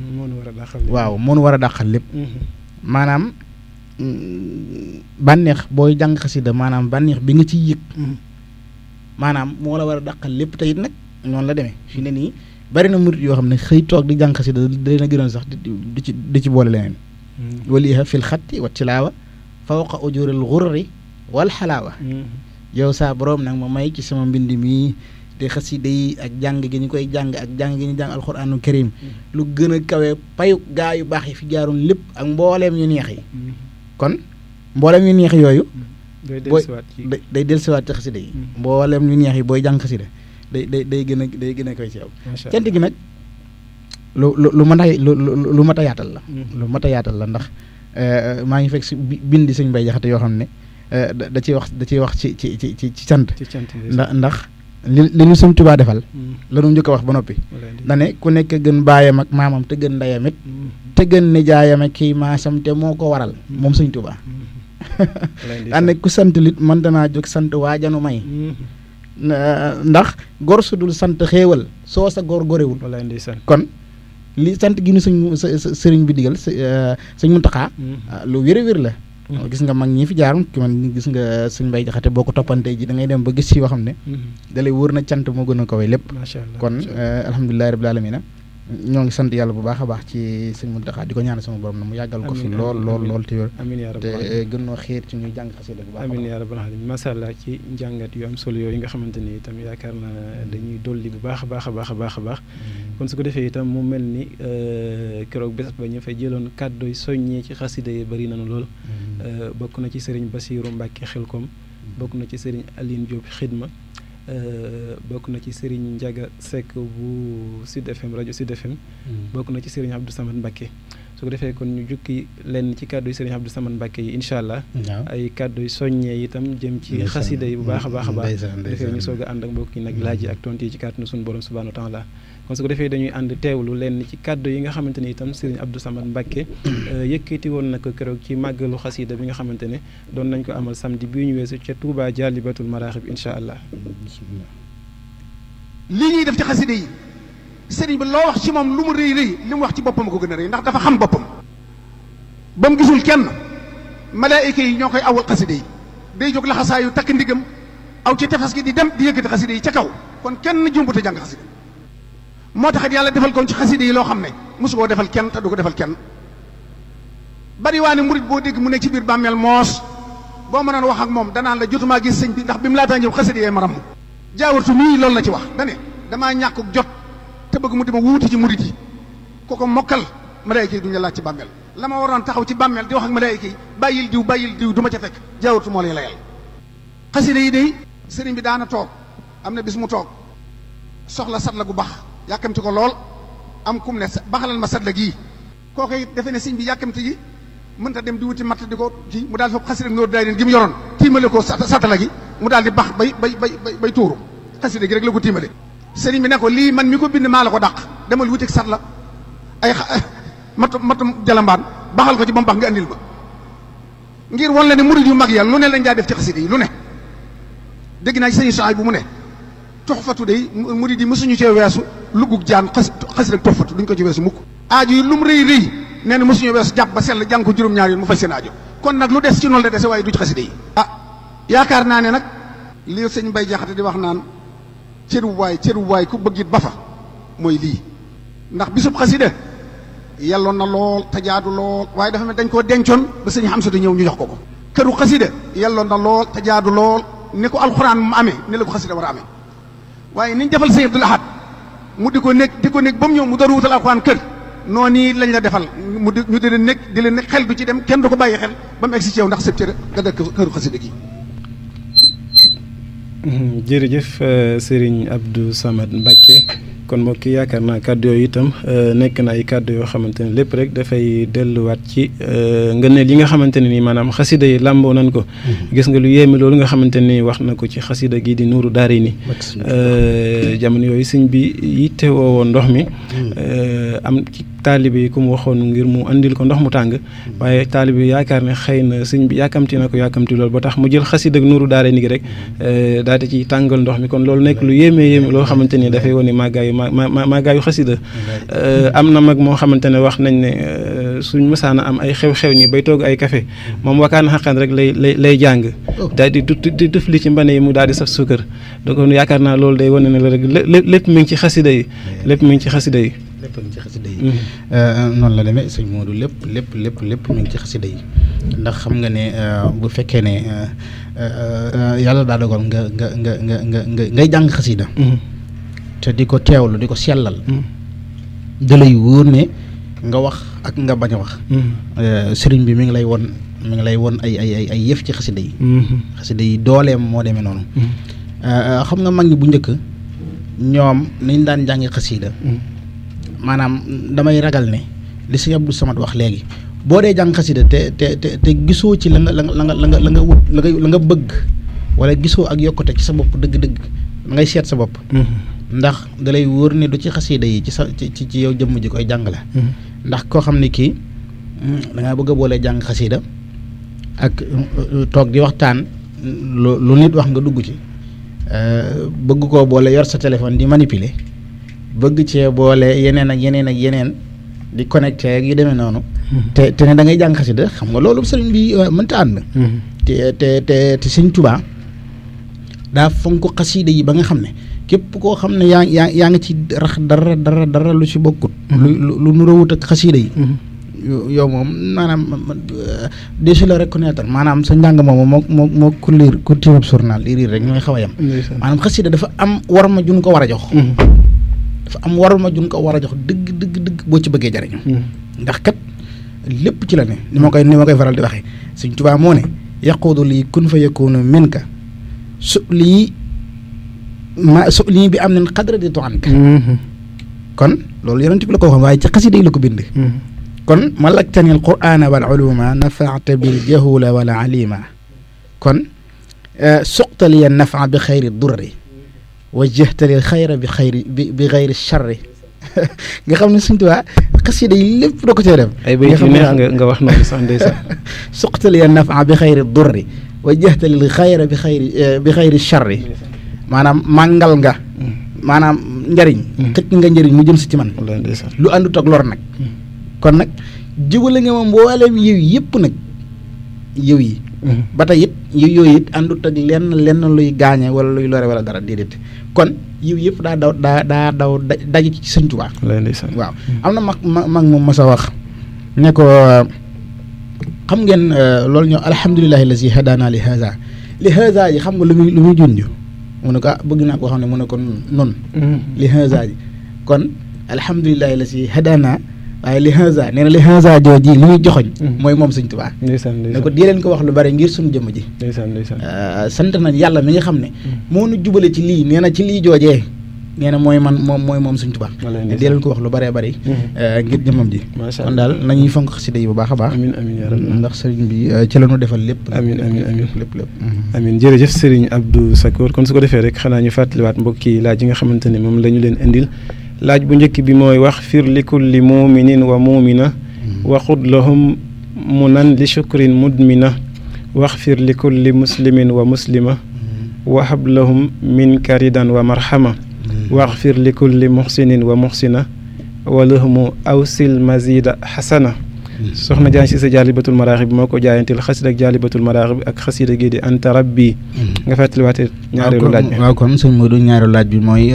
waaw moonu war a dàqal lépp maanaam bànneex booy jàng xasida maanaam bànneex bi nga ciy yëg maanaam moo la war a dàqal lépp te it nag noonu la demee bari na murit yoo xam ne xëy toog di jàng xasida na gënoon sax di ci di ci boole leneen hmm. waliha fil xatti wa tilaawa fawqa ujuril xurri wal xalaawa hmm. yow saa boroom nag ma may ci sama mbind mi te xasida yi ak jàng gi ñu koy jàng ak jàng gi ñu jàng alxuraanu karim hmm. lu gën a kawe payu gaa yu baax yi fi jaaroon lépp ak mbooleem yu neex yi kon mbooleem yu neex yooyu day dellusiwaat ci xasida yi mbooleem yu neex yi booy jàng xasida day day day gën a day gën koy ci yow cant gi nag lu lu lu mën a lu lu mat la lu mat mm-hmm. la ndax eh, maa ngi fekk si bind sëñ bay Jaxate yoo xam ne eh, da ciy wax da ciy wax ci ci ci ci ci cant ndax ndax li li ñu sëñ Tuubaa defal mm-hmm. lanu njëkk a wax ba noppi ne ku nekk gën baayam ak maamam te gën ndeyam it mm-hmm. te gën nijaayam ak kii maasam te moo ko waral moom sëñ Tuubaa daan ne ku sant lit mën danaa jóg sant waajanu may ndax gor su dul sant xéewal soo sa gor gorewul wallaay kon li sant gi sa suñ sëriñ bi digal eh, sëñ taxaa mm-hmm. ah, lu wér wér la mm-hmm. gis nga mag ñi fi jaarum ki man gis nga suñ mbay jaxate boo ko toppantee ji da ngay dem ba gis ci yoo xam ne mm-hmm. dalay wóor na cant moo gën a ko way lépp kon eh, alhamdulilahi rabbil alamina ñoo ngi sant yàlla bu baax a baax ci sëñ Muntaxa di ko ñaan sama borom na mu yàggal ko fi lool lool lool te wér te eh, gën noo xiir ci ñuy jàng xasida bu baax amiin yaa rabbal aalamiin masha Allah ci njàngat yu am solo yooyu nga xamante ni itam yaakaar na mm. dañuy dolli bu baax a baax a baax a baax a baax mm. kon su ko defee itam mu mel ni euh, keroog bés ba ñu fay jëloon kàddu yi soññee ci xasida yi bari nañu lool mm. euh, bokk na ci sëriñ Basiiru Mbàkke Xelkom bokk na ci sëriñ Aline Diop xidma Euh, bokk na ci Serigne Ndiaga Seck bu Sud FM rajo Sud hmm. bokk na ci Serigne Abdou Samad Mbacké. su ko defee kon ñu jukki lenn ci kàddu yi Serigne Abdou Samad yi incha allah. ay kàddu yu soññee itam jëm ci. xasida yi bu baax a baax a baax. defee ñu soog a ànd ak mbokk yi nag laaj yi ak tontu yi ci kàttanu suñu borom subhaanahu wa kon su ko defee dañuy ànd teewlu leen ci kàddu yi nga xamante ni itam Serigne Abdou Samad Mbacke yëkkati woon na ko keroog ci màggalu xasida bi nga xamante ne doon nañ ko amal samedi bii ñu weesu ca Touba Jaalibatul Maraaxib incha allah. li ñuy def ci xasida yi Serigne bi loo wax ci moom lu mu rëy rëy li mu wax ci boppam ko gën a rëy ndax dafa xam boppam. ba mu gisul kenn malaayika yi ñoo koy awal xasida yi day jóg laxasaayu takk ndigam aw ci tefes gi di dem di yëkkati xasida yi ca kaw kon kenn jumbute jàng xasida motax taxit yàlla defal ko ci xaside yi loo xam ne defal kenn ta duko defal kenn bari waani mourid bo deg mu ne ci biir bàmmeel moos boo mënoon wax ak moom danaan la jotumaa gi sëñ bi ndax bim la laataa ñëw xaside yee maram jaawurtu ni lol la ci wax dane dama ñàkkuk jot te bëgg mu dima wuti ci mourid yi koko mokal mokkal malaayika la ci bammel lama waron taxaw ci bammel di wax ak malaayika bayil diw bayil diw duma ca lay layal yi de bi daana tok amna bis mu tok soxla sat gu bax yàkkamti ko lool am kum ne baxalal ma sadda gi kooku it defe ne sëñ bi yàkkamti gi ta dem di wuti matt di ko ci mu daal di foofu xasida noor daay den gi mu yoroon tiimale ko satala gi mu daal di bax bay bay bay bay tuuru xasida gi rek la ko tiimale sëriñ bi ne ko lii man mi ko bind maa la ko dàq demal wutik sat la ay matu matu jalambaan baxal ko ci ba mbax nga andil ma ngir wan la ne murid yu mag ya lu ne lañ daa def ci xasida yi lu ne dégg naa ci sëñ bu mu ne coxfatu day murid yi mësuñu cee weesu lugug jaan xas xas rek tofatu duñ ko ci weesu mukk aajo yi lu mu rëy rëy nee na mosuñu weesu jàpp ba sell jàng ko juróom-ñaar yoon mu faj seen aajo kon nag lu des ci noonu la dese waaye du ci xaside yi ah yaakaar naa ne nag li sëñ bay Jaxate di wax naan cëru waay cëru waay ku bëgg it ba fa mooy lii ndax bisub xasida yelloon na lool tajaadu lool waaye dafa mel dañ koo dencoon ba sëñ Xamsatu ñëw ñu jox ko ko këru xasida yelloon na lool tajaadu lool ni ko alxuraan mu amee ni la ko xasida war a amee waaye niñ defal sëñ Abdul mu di ko nekk di ko nekk ba mu ñëw mu door wutal alxuraan kër noonu lañ la defal mu di ñu di leen nekk di leen nekk xel du ci dem kenn du ko bàyyi xel ba mu egsi ci yow ndax sëb cër nga dëkk këru xasida gi hmm, jërëjëf euh, Serigne abdu Samad Mbacké kon mbokk yi yaakaar na kàddu yooyu itam euh, nekk na ay kàddu yoo xamante ne lépp rek dafay delluwaat ci euh, ngëneel yi nga xamante ne ni maanaam xasida yi làmboo nañ ko. Mm-hmm. gis nga lu yéeme loolu nga xamante ne ni wax na ko ci xasida gi di nuuru daari ni euh, jamono yooyu sëñ bi yittewoo woon ndox mi mm-hmm. taalibe yi ku mu waxoon ngir mu indil ko ndox mu tàng mm-hmm. waaye taalibe yi yaakaar ne xëy na sëñ bi yàkkamti na ko yàkkamti lool ba tax mu jël xasida ak nuuru daara ni rek mm-hmm. eh, daal di tàngal ndox mi kon loolu nekk lu yéeme loo xamante ni dafay wane màggaayu màggaayu xasida eh, am na mag moo xamante ne wax nañ ne eh, suñ mësaana am ay xew-xew nii bay toog ay kafe mm-hmm. moom wakaan xaqan rek lay lay lay jàng oh. daal di di def li ci mbane yi mu daal di saf suukar donc yaakaar naa loolu day wane ne la rek lépp mi ngi ci xasida yi lépp mi ngi ci xasida yi lépp ngi ci xasida yi mm-hmm. euh, noonu la demee sëñ Modou lépp lépp lépp lépp mi ngi ci xasida yi ndax xam nga ne euh, bu fekkee ne euh, yàlla daa dogal nga nga nga nga ngay jàng xasida mm-hmm. te di ko teewlu di ko sellal mm-hmm. dalay wóor ne nga wax ak nga bañ a wax sëriñ bi mu ngi lay won mi ngi lay won ay ay ay yëf ci xasida yi xasida yi dooleem moo demee noonu xam nga mag ñi bu njëkk ñoom nañ daan jàngi xasida manam damay ragal ne li sey Abdou Samad wax legi bo de jang khassida te te te te gisoo ci la nga la nga la nga la nga wut la nga la nga bëgg wala gisoo ak yokote ci sa bop deug deug ngay set sa -hmm. ndax dalay lay ni du ci khassida yi ci sa ci ci yow jëm ji koy mm-hmm. mm, jàng la ndax ko xamni ki da nga bëgg boole jang khassida ak mm, euh, tok di waxtaan lu nit wax nga dugg ci euh, bëgg boole yor sa téléphone di manipuler bëgg ci boole yeneen ak yeneen ak yeneen di connecté ak yu demee noonu. te te ne da ngay jàng de xam nga loolu sëriñ bi euh, mënta ànd. Mm-hmm. te te te te sëñ Tuubaa da fonk xasida yi ba nga xam ne képp koo xam ne yaa yaa yaa ngi ci rax dara dara dara lu ci bokkut. Mm-hmm. lu lu nurawut ak xasida yi. Mm-hmm. yow moom maanaam euh, desu la reconnaître maanaam sa njàng moomu moo moo moo ku liir ku journal lire rek ñooy xaw a yem. maanaam dafa am warma ma jun ko war a jox. dafa am waral ma jun ko war a jox dëgg dëgg dëgg boo ci bëggee jariñu ndax kat lépp ci la ne ni ma koy ni ma koy faral di waxee Sëñ Tuubaa moo ne yaquudu lii kun fa yakunu minka su lii ma su lii bi am nañ xadra di toxanka kon loolu yonent bi la ko waxoon waaye ci xasida yi la ko bind kon malaktan il qurana wal uluma nafaata bil jahula wala alima kon suqtaliya nafa bi xayri durri wajjaxtalil xayra bi xayri bi bi xayri charri nga xam ne suñ tubaa xasida yi lépp da ko cee def ay bay ci neex nga nga wax noonu sax ndeysaan suqtal ya nafa bi xayri durri wajjaxtalil xayra bi xayri eh, bi xayri charri maanaam màngal nga maanaam njariñ hmm. xëcc nga njariñ mu jëm si ci man lu àndut ak lor nag hmm. kon nag jubale nga ma mboolem yiw yëpp nag yiw yi ba tey it yiw yooyu it àndut ak lenn lenn luy gaañe wala luy lore wala dara déedéet kon yiw yëpp daa daw daa daa daw daje ci sëñ Tuubaa waaw hmm. am na mag ma mag moom masa wax ne ko xam ngeen euh, loolu ñoo alhamdulilahi la si li haza li haza yi xam nga lu muy lu ko ah bëgg naa hmm. li haza waaye li hansa nee na li hansa jooji li muy joxoñ mm. mooy moom sëñ tubaa ne ko dee leen ko wax lu bari ngir suñu jëmm ji euh, sant nañ yàlla mi nga xam ne mm. moo nu jubale ci lii nee na ci lii joojee nee na mooy moom mooy moom sëñ tubaa ne dee leen ko wax lu baree bari mm-hmm. euh, ngir jëmmam ji kon daal nañuy fonk xasida yi bu baax a baax amiin ndax sëriñ bi euh, ci la ñu defal lépp amiin amiin amiin lépp lépp mm-hmm. amiin jërëjëf sëriñ Abdou Sakor kon su ko defee rek xanaa ñu fàttaliwaat mbokk yi laaj yi nga xamante ne moom la ñu leen indil laaj bu njëkk bi mooy wax fir li kulli muuminin wa muumina waxud lahum munan li shukrin mudmina wax fir li kulli muslimin wa muslima wahab lahum min karidan wa marxama wax fir li kulli muxsinin wa muxsina wa lahumu awsil mazida xasana soxna Diagne Cissé jaalibatul maraaxib moo ko jaayantil xasida ak jaalibatul maraaxib ak xasida gi di anta rabbi nga fàttaliwaate ñaareelu laaj bi waaw kon sëñ Modou ñaareelu laaj bi mooy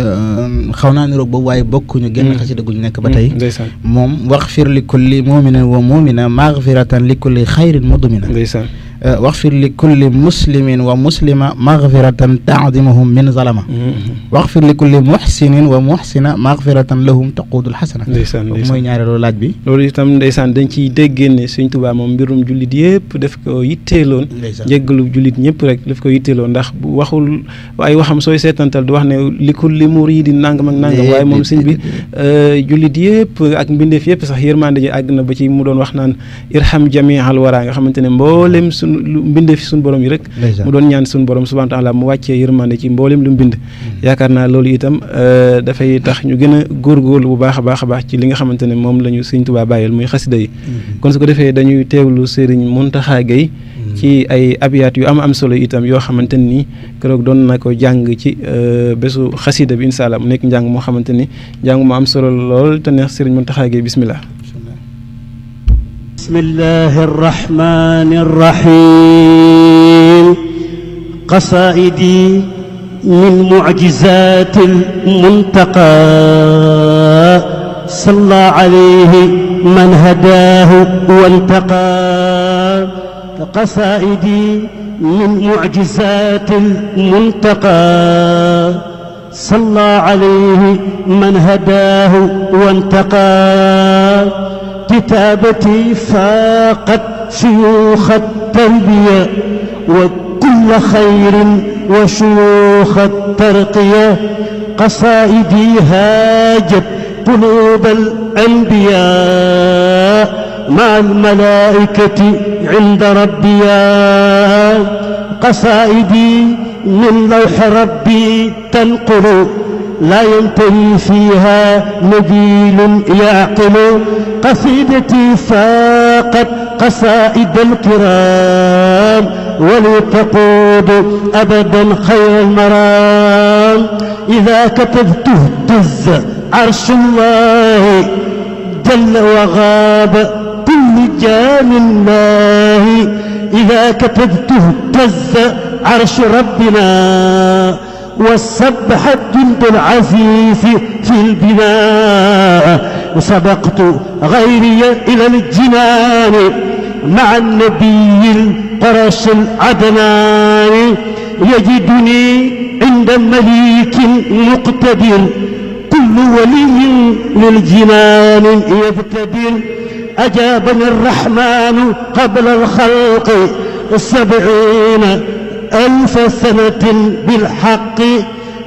xaw naa niroog boobu waaye bokkuñu genn xasida guñ nekk ba tey moom waxfir li kulli muminin wa mumina maxfiratan li kulli xayrin mudmina ndeysaan آه، واغفر لكل مسلم ومسلمة مغفرة تعظمهم من ظلمة واغفر لكل محسن ومحسنة مغفرة لهم تقود الحسنة ديسان ديسان موي نياري لو بي لولي تام ديسان دنجي ديغن ني سيغ توبا موم بيروم جوليت ييب داف كو ييتيلون جيغلو جوليت نييب ريك داف كو ييتيلون داخ واخول واي واخام سوي سيتانتال دو واخني لكل مريد نانغ ماك نانغ واي موم سيغ بي جوليت ييب اك مبيندف ييب صاح يرماندي اغنا با سي مودون واخ نان ارحم جميع الورا nga xamanteni mbolem lu mbindeef suñu borom yi rek mu doon ñaan suñu borom subhanahu wa taala mu wàccee yërmande ci mboolem lu mbind mm-hmm. yaakaar naa loolu itam euh, dafay tax ñu gën a góorgóorlu bu baax a baax a baax ci li nga xamante ne moom lañu ñu sëñ Tuubaa bàyyil muy xasida yi mm-hmm. kon su ko defee dañuy teewlu Sëriñ Muntaxa Gay mm-hmm. ci ay abiyaat yu am am solo itam yoo xamante nii keroog doon na ko jàng ci euh, bésu xasida bi incha allah mu nekk njàng moo xamante ni njàng mu am solo lool te neex Sëriñ Muntaxa Gay bismillah بسم الله الرحمن الرحيم قصائدي من معجزات المنتقى صلى عليه من هداه وانتقى قصائدي من معجزات المنتقى صلى عليه من هداه وانتقى كتابتي فاقت شيوخ التربية وكل خير وشيوخ الترقية قصائدي هاجت قلوب الأنبياء مع الملائكة عند ربيا قصائدي من لوح ربي تنقل لا ينتهي فيها نبيل يعقل قصيدتي فاقت قصائد الكرام ولتقود أبدا خير المرام إذا كتبت اهتز عرش الله جل وغاب كل جان الله إذا كتبت اهتز عرش ربنا وسبح الجند العزيز في البناء وسبقت غيري إلى الجنان مع النبي القرش العدنان يجدني عند مليك مقتدر كل ولي للجنان يبتدر أجابني الرحمن قبل الخلق السبعين ألف سنة بالحق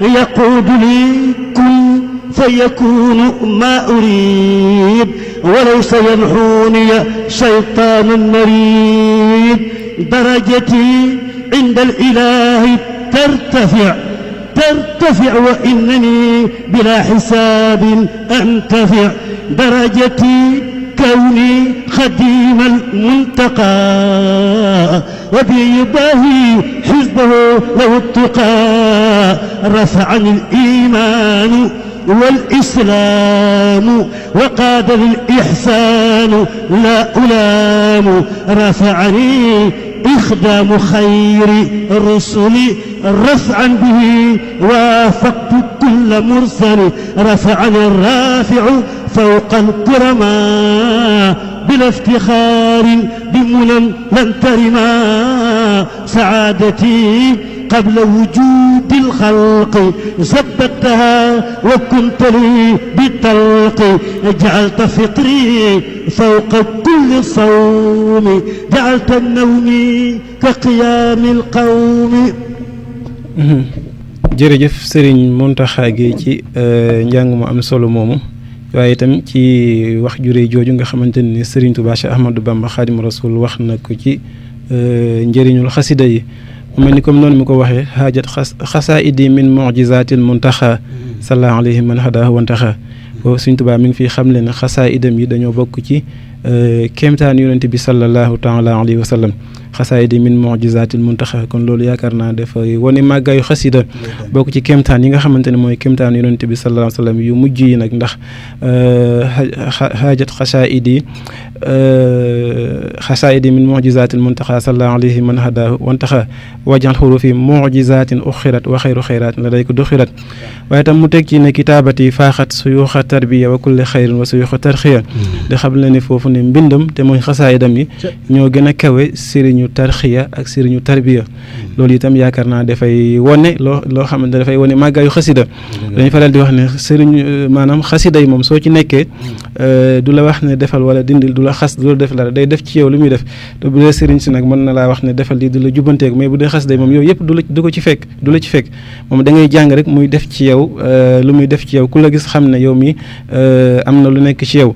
يقود لي كن فيكون ما أريد ولو سينحوني شيطان مريد درجتي عند الإله ترتفع ترتفع وإنني بلا حساب أنتفع درجتي كوني خديم المنتقى وبيده حزبه له التقى رفعني الإيمان والإسلام وقاد الإحسان لا ألام رفعني إخدام خير الرسل رفعا به وافقت كل مرسل رفعني الرافع فوق الكرما بلا افتخار بمنى لن ترما سعادتي قبل وجود الخلق سبقتها وكنت لي بالطلق جعلت فطري فوق كل صوم جعلت النوم كقيام القوم jërëjëf sëriñ Mountakha Guèye ci njàng mu am solo moomu waaye itam ci wax jure jooju nga xamante ni sëriñ Touba Cheikh Ahmadou Bamba Khadim Rasoul wax na ko ci njëriñul xasida yi mu mel ni comme noonu mi ko waxee xaajat xasaidi min mujizatil Mountakha sallallahu alayhi man hadaa wantaxa boobu sëriñ Touba mi ngi fi xam le ne xasaidam yi dañoo bokk ci kéemtaan yonente bi sallallahu taala alayhi wa sallam xasaayid min mujizaatil muntaxa kon loolu yaakaar naa dafay wane màggaayu xasida bokk ci kéemtaan yi nga xamante ne mooy kéemtaan yonent bi sallallahu alayhi wa sallam yu mujj yi nag ndax xaajat xasaayid yi xasaayid yi min mujizaatil muntaxa sallallahu alayhi man hada wantaxa wajal xurufi mujizaatin uxirat wa xayru xayraat la day ko duxirat waaye tam mu teg ci ne kitaabati faaxat suyuxa tarbiya wa kulli xayrin wa suyuxa tarxiya di xam la ni foofu ne mbindam te mooy xasaayidam yi ñoo gën a kawe sëriñu sëriñu tarxiya ak sëriñu tarbiya hmm. loolu itam yaakaar naa dafay wone loo loo xamante dafay wone màggaayu xasida dañu fa faral di wax ne sëriñ maanaam xasida yi moom soo ci nekkee hmm. euh, du la wax ne defal wala dindil du la xas du la def la day def ci yow lu muy def te bu nag mën na laa wax ne defal di la jubbanteeg mais bu dee xasida yi moom yow yëpp du la ko ci fekk la ci fekk moom da jàng rek muy def ci yow euh, lu muy def ci yow ku la gis xam ne yow mi euh, am na lu nekk ci yow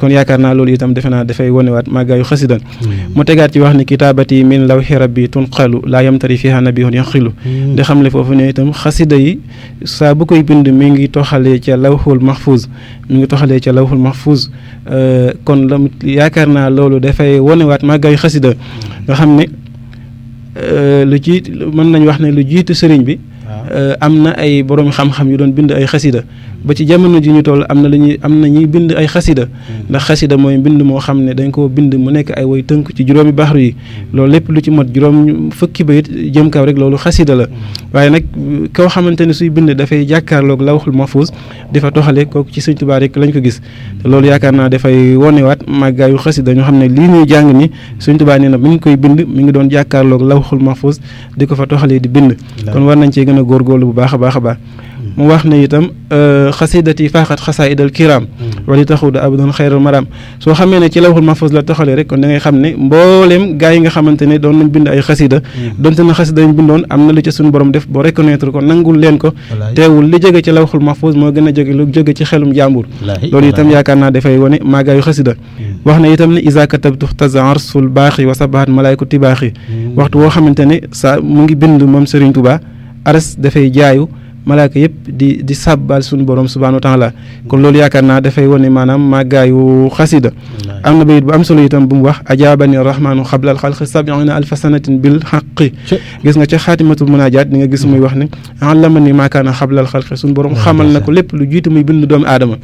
kon yaakaar naa loolu itam defe naa dafay wonewaat màggaayu xasida mm. mu tegaat ci wax ni kitaabati min lawxi rabbi tunqalu laa yamtari fiha nabihun yaqilu mm. di xam le foofu ne itam xasida yi saa bu koy bind mi ngi toxalee ca lawxul mahfuz mu ngi toxalee ca lawxul mahfuz euh, kon la yaakaar naa loolu dafay wonewaat màggaayu xasida mm. nga xam ne euh, lu jiit mën nañ wax ne lu jiitu sëriñ bi ah. euh, am na ay borom xam-xam yu doon bind ay xasida ba ci jamono ji ñu toll am na la ñuy am na ñuy bind ay xasida mm. ndax xasida mooy bind moo xam ne dañ koo bind mu nekk ay way tënk ci juróomi baaxaru yi mm. loolu lépp lu ci mot juróom fukki bayit jëm kaw rek loolu xasida la mm. waaye nag koo xamante ne suy bind dafay jàkkaarloog lawxul mahfuus di fa toxale kooku ci sëñ rek lañ ko gis loolu yaakaar naa dafay wonewaat màggaayu xasida ñu xam ne lii ñuy jàng ni sëñ Tuubaa nee na mi ngi koy bind mi ngi doon jàkkaarloog lawxul mahfuus di ko fa toxalee di bind kon war nañ cee gën a góorgóorlu bu baax a baax a baax mu wax ne itam xasidati faaxat xasaidal kiram wali taxuda abadan xayral maram soo xamee ne ci lawxul mahfuz la taxalee rek kon da ngay xam ne mbooleem gaa yi nga xamante ne doon nañ bind ay xasida donte na xasida ñu bindoon am na lu ci suñu borom def boo reconnaître ko nangul leen ko teewul li jóge ci lawxul mahfuz moo gën a jóge lu jóge ci xelum jàmbur loolu itam yaakaar naa dafay wone maagaayu xasida wax na itam ne isa katabtu tazar sul baaxi wa sabahat malaayku tibaaxi waxtu woo xamante ne sa mu ngi bind moom Serigne Touba aras dafay jaayu malaka yep di di sabbal sun borom subhanahu wa taala kon lolou yakarna da fay woni manam ma gayu khasida amna bayit bu am solo itam bu mu wax ajaabani rahmaanu xabla alxalqi sab'ina alf sanatin bil xaqi gis nga ci khatimatul munajat di nga gis muy wax ni allamani maakaana xabla alxalqi sun borom xamal nako lépp lu jitu muy bind doomu adama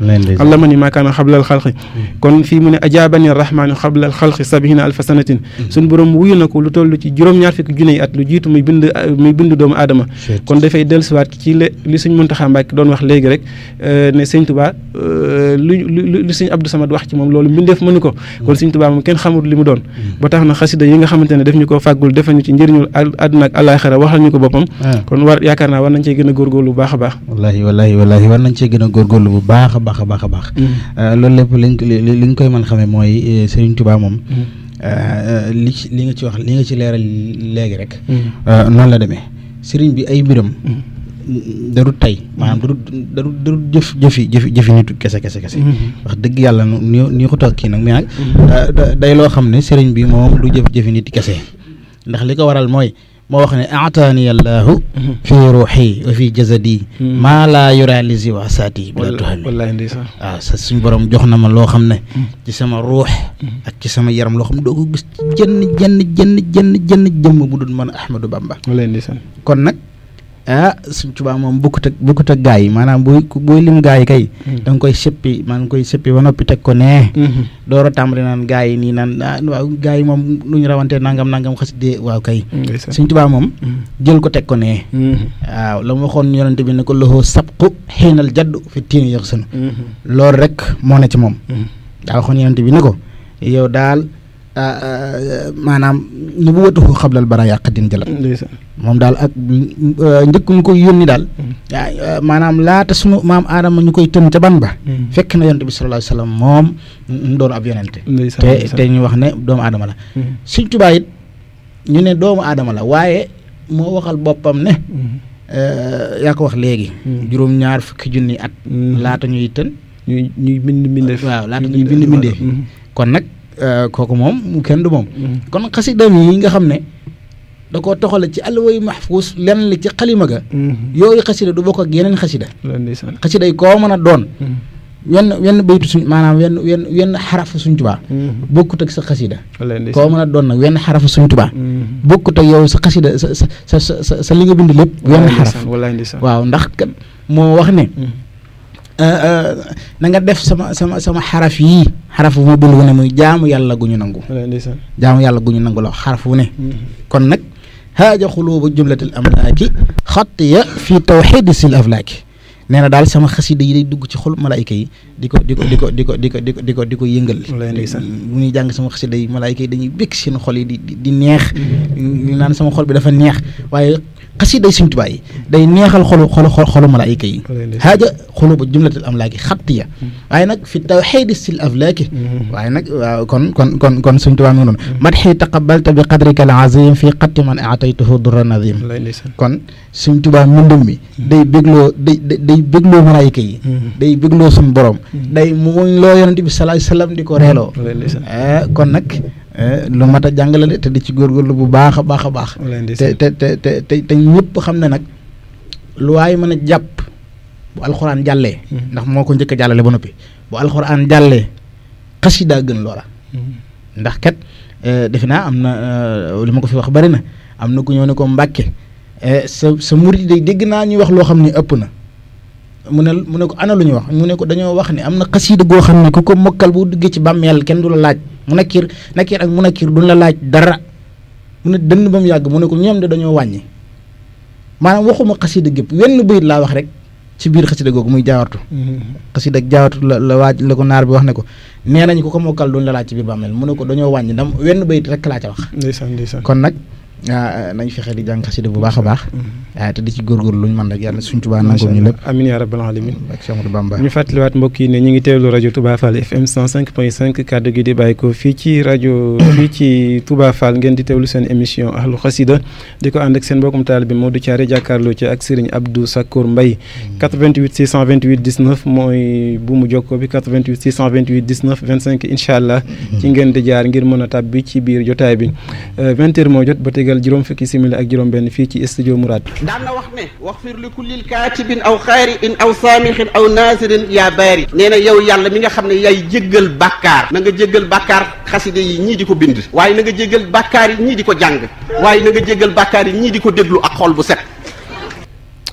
allamani maakaana xabla alxalqi kon fi mun ajabani ajaabani rahmaanu xabla alxalqi sabiina sanatin sun borom wuyu nako lu tollu ci jurom naar fek juney at lu jitu muy bind muy bind doomu adama kon dafay dellusiwaat ci te li suñ Muntaxa Mbàkke doon wax léegi rek euh, ne sëñ Tuubaa euh, lu lu lu suñ Abdou Samad wax ci moom loolu mbindeef mënu ko kon sëñ Tuubaa moom kenn xamul li mu doon mm. ba tax na xasida yi nga xamante ne def ñu ko fàggul defal ñu ci njëriñul àdduna ak àllaaxira waxal ñu ko boppam ah. kon war yaakaar naa war nañ cee gën a góorgóorlu bu baax a baax wallaahi wallaahi wallaahi war nañ cee gën a góorgóorlu bu baax a baax a baax a baax mm. euh, loolu lépp liñ li ñu koy mën xamee mooy sëriñ Tuubaa moom mm. li li nga ci wax li nga ci leeral léegi rek noonu la demee sëriñ bi ay mbiram darut tey maanaam mm-hmm. darut darut darut jëf jëfi jëfi jëfi kese kese kese mm-hmm. wax dëgg yàlla nu nii xuta kii nag mais nag mm-hmm. day loo xam ne sëriñ bi moom du jëf jëfi nit kese ndax li ko waral mooy moo wax ne ataani allahu fi ruuxi wa fi jasadi maa laa yuraalisi wa saati bila tuhali wallaay ndeysaan waaw sa suñ borom jox na ma loo xam ne ci sama ruux ak ci sama yaram loo xam ne doo ko gis jën jenn jenn jenn bu du mën a Ahmadou Bamba wallaay ndeysaan kon nag ah suñ tubaab moom bukkut ak bukkut ak gaa yi maanaam buy buy lim gaa yi kay. Hmm. da nga koy sëppi maa ngi koy sëppi ba noppi teg ko nee. Hmm. door a tàmbali naan gaa yi nii naan ah waaw gaa yi moom lu ñu rawante nangam nangam xaside waaw kay. Hmm, suñ tubaab moom. jël ko teg ko nee. waaw la ma waxoon yonente bi ne ko loxo sabqu xiinal jaddu fi tiini yox sunu. loolu rek moo ne ci moom. daa waxoon yonente bi ne ko yow daal. Ah, ah, maanaam nu bu wëtu xablal bara yàq din jëlat moom daal ak euh, njëkk mu koy yónni daal hmm. ah, euh, maanaam laata sunu maam aadama ñu koy tën ca ban ba hmm. fekk na yonent bi sallallahu alayhi wasallam moom mu doon ab yonente te te ñu wax ne doomu aadama la hmm. Sëñ Tuubaa ñu ne doomu aadama la waaye moo waxal boppam ne euh, yaa ko wax léegi juróom-ñaar fukki junni at laata ñuy tën ñuy ñuy bind mbindeef waaw laata ñuy bind mbindeef kon nag Euh, kooku moom kenn du moom. Mm-hmm. kon xasidaam yi nga xam ne da ko toxale ci alway mahfuus lenn li ci xalima ga. Mm-hmm. yooyu xasida du bokk ak yeneen xasida. xasida yi koo mën a doon. Mm-hmm. wenn wenn baytu suñ maanaam wenn wenn wenn xarafa suñ tubaa bokkut ak sa xasida koo mën a doon nag wenn xarafa suñ tubaa bokkut ak yow sa xasida sa sa sa sa li nga bind lépp wenn xaraf waaw ndax kat moo wax ne Euh, euh, na nga def sama sama sama xaraf yii xaraf ma dul wu ne muy jaamu yàlla gu ñu nangu. jaamu yàlla gu ñu nangu la xaraf wu ne. Mm-hmm. kon nag ba xaaja xuluubu jumlatil amlaaki xattiya fii tawxiidi sil aflaaki nee na daal sama xasida yi day dugg ci xol malaayka yi di ko di ko di ko di ko di ko di ko di ko di ko yëngal mm, bu ñuy jàng sama xasida yi malaayka yi dañuy békk seen xol yi di di neex mm-hmm. ñu naan sama xol bi dafa neex waaye قصيدة سنت باي داي نياخال خلو خلو خلو خلو ملائكة هذا خلو بجملة الأملاك خطية waaye nag fi tawxiid sil aflaaki mm-hmm. waaye nag waaw kon kon kon kon suñ tubaab mi noonu mm-hmm. madxi taqabalta bi qadrika al azim fii xatti man ataytuhu duran azim kon suñ tubaab mbindum mi mm-hmm. day bégloo day day bégloo malaayika yi day bégloo suñ borom day muñ loo yonente bi salaay salaam di ko reeloo eh, kon nag eh, lu mat a jàngale de te di ci góorgóorlu bu baax a baax a baax te te te te te ñëpp xam ne nag lu waay mën a jàpp bu alxuraan jàllee. ndax moo ko njëkk jàllale ba noppi bu alxuraan jàllee xasida gën loola. ndax kat eh, defe naa am na eh, li ma ko fi wax bari na am na ku ñëw ne ko mbàkke eh, sa sa murid day dégg naa ñuy wax loo xam ne ëpp na. mu ne mu ne ko ana lu ñu wax mu ne ko dañoo wax ne am na xasida goo xam ne ku ko mokkal bu duggee ci bàmmeel kenn du la laaj mu nakir nakir ak mu kiir duñ la laaj dara mu ne dënn ba mu yàgg mu ne ko ñoom de dañoo wàññi maanaam waxuma xasida gépp wenn bayit laa wax ci biir xasida googu muy jaawartu mm-hmm. xasida ak jaawartu la la waaj la ko naar bi wax ne ko nee nañ ko ko mokkal doon la laaj ci biir bàmmeel mu ne ko dañoo wàññi dam wenn bayit rek laa ca wax kon nag ah, ah nañ fexe di jàng xasida bu baax a baax. Mm-hmm. ah te di ci góorgóorlu luñ mën rek yàlla suñ Tuubaa nangoo ñu lépp. amiin yaa rabbal alamin. ak Cheikh Amadou Bamba. ñu fàttaliwaat mbokk ne ñu ngi teewlu rajo Touba FM kaddu gi di bàyyi ko fii ci rajo fii ci Touba ngeen di teewlu seen émission ahlu xasida di ko ànd ak seen mbokkum taal bi Modou Thiaré jàkkaarloo ci ak Serigne Abdou Sakkour Mbaye. Mm. mooy bu mu bi 88 allah. Mm-hmm. ci ngeen di jaar ngir mën a tàbbi ci biir tegal juróom fukki simili ak juróom benn fii ci studio Mourad daan na wax ne waxfir li kullil kaatibin aw xaariin aw saamixin aw naasirin yaa baari nee na yow yàlla mi nga xam ne yaay jéggal bàkkaar na nga jéggal bàkkaar xaside yi ñii di ko bind waaye na nga jéggal bàkkaar yi ñii di ko jàng waaye na nga jéggal bàkkaar yi ñii di ko déglu ak xol bu set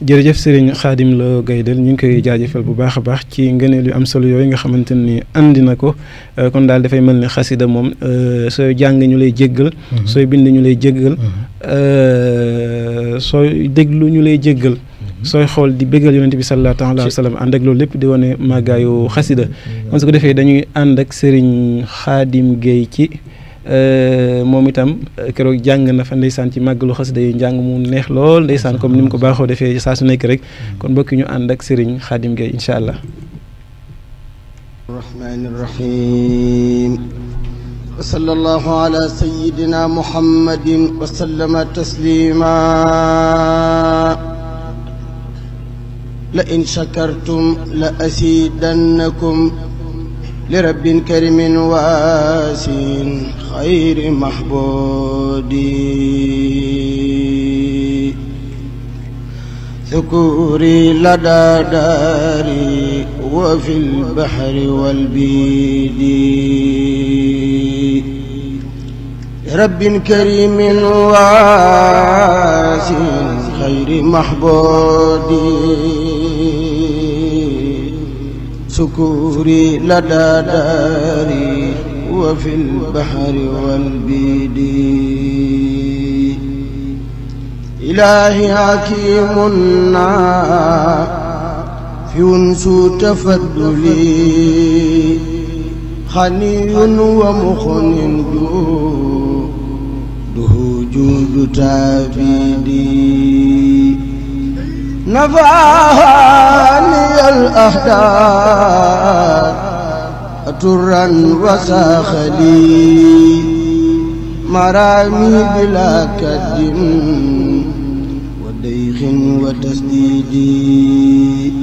jërëjëf sëriñ Xaadim la Gaydel ñu ngi koy jaajëfal bu baax a baax ci ngëneel yu am solo yooyu nga xamante ni andi na ko euh, kon daal dafay mel ni xasida moom euh, sooy jàng ñu lay jéggal mhm. sooy bind ñu lay jéggal mhm. euh, sooy déglu ñu lay jéggal mhm. sooy xool di béggal yonent bi sallallahu alayhi wa sallam ànd ak loolu lépp di wane màggaayu xasida kon su ko defee dañuy ànd ak sëriñ Xaadim Gaye ci moom itam keroog jàng na fa ndeysaan ci màggalu xasida yi njàng mu neex lool ndeysaan comme ni mu ko baaxoo defee saa su nekk rek kon mbokki ñu ànd ak Serigne Khadim Gueye incha allah. الرحمن الرحيم وصلى الله على سيدنا محمد وسلم تسليما لئن شكرتم لأزيدنكم لرب كريم واس خير محبود ذكوري لدى داري وفي البحر والبيد رب كريم واس خير محبود سكوري لدى داري وفي البحر والبيد إلهي حكيم في أنسو تفضلي خني ومخن جوده جود تابيدي نفعني الأحداث ترا وساخ لي مرامي بلا كد وديخ وتسديدي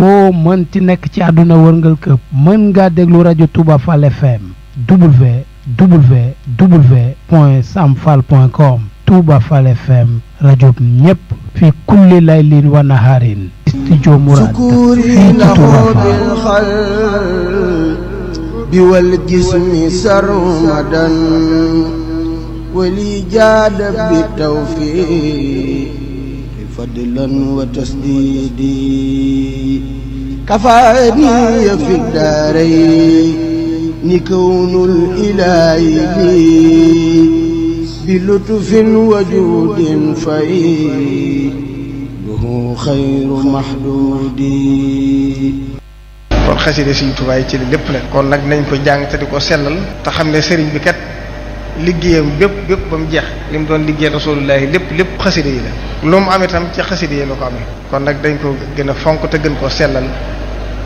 foo mën ti nekk ci àdduna wërngal këpp mën ngaa déglu rajo Touba Fall FM www point samfal point com Touba Fall FM rajo ñëpp في كل ليل ونهار استجو مراد سكوري له بالقلب سرمدا ولي جاد بالتوفيق فضلا وتسديدي كفاني في الدارين نكون الإله لي بلطف وجود فإيده خير محدود kon xaside Sëriñ Tuubaa ci la lépp la kon nag dañ ko jàng te di ko sellal te xam ne sëriñ bi kat liggéeyam bépp bépp ba mu jeex li mu doon liggéey rasulullahi lépp lépp xaside yi la lu mu am itam ci xaside yi la ko amee kon nag dañ ko gën a fonk te gën koo sellal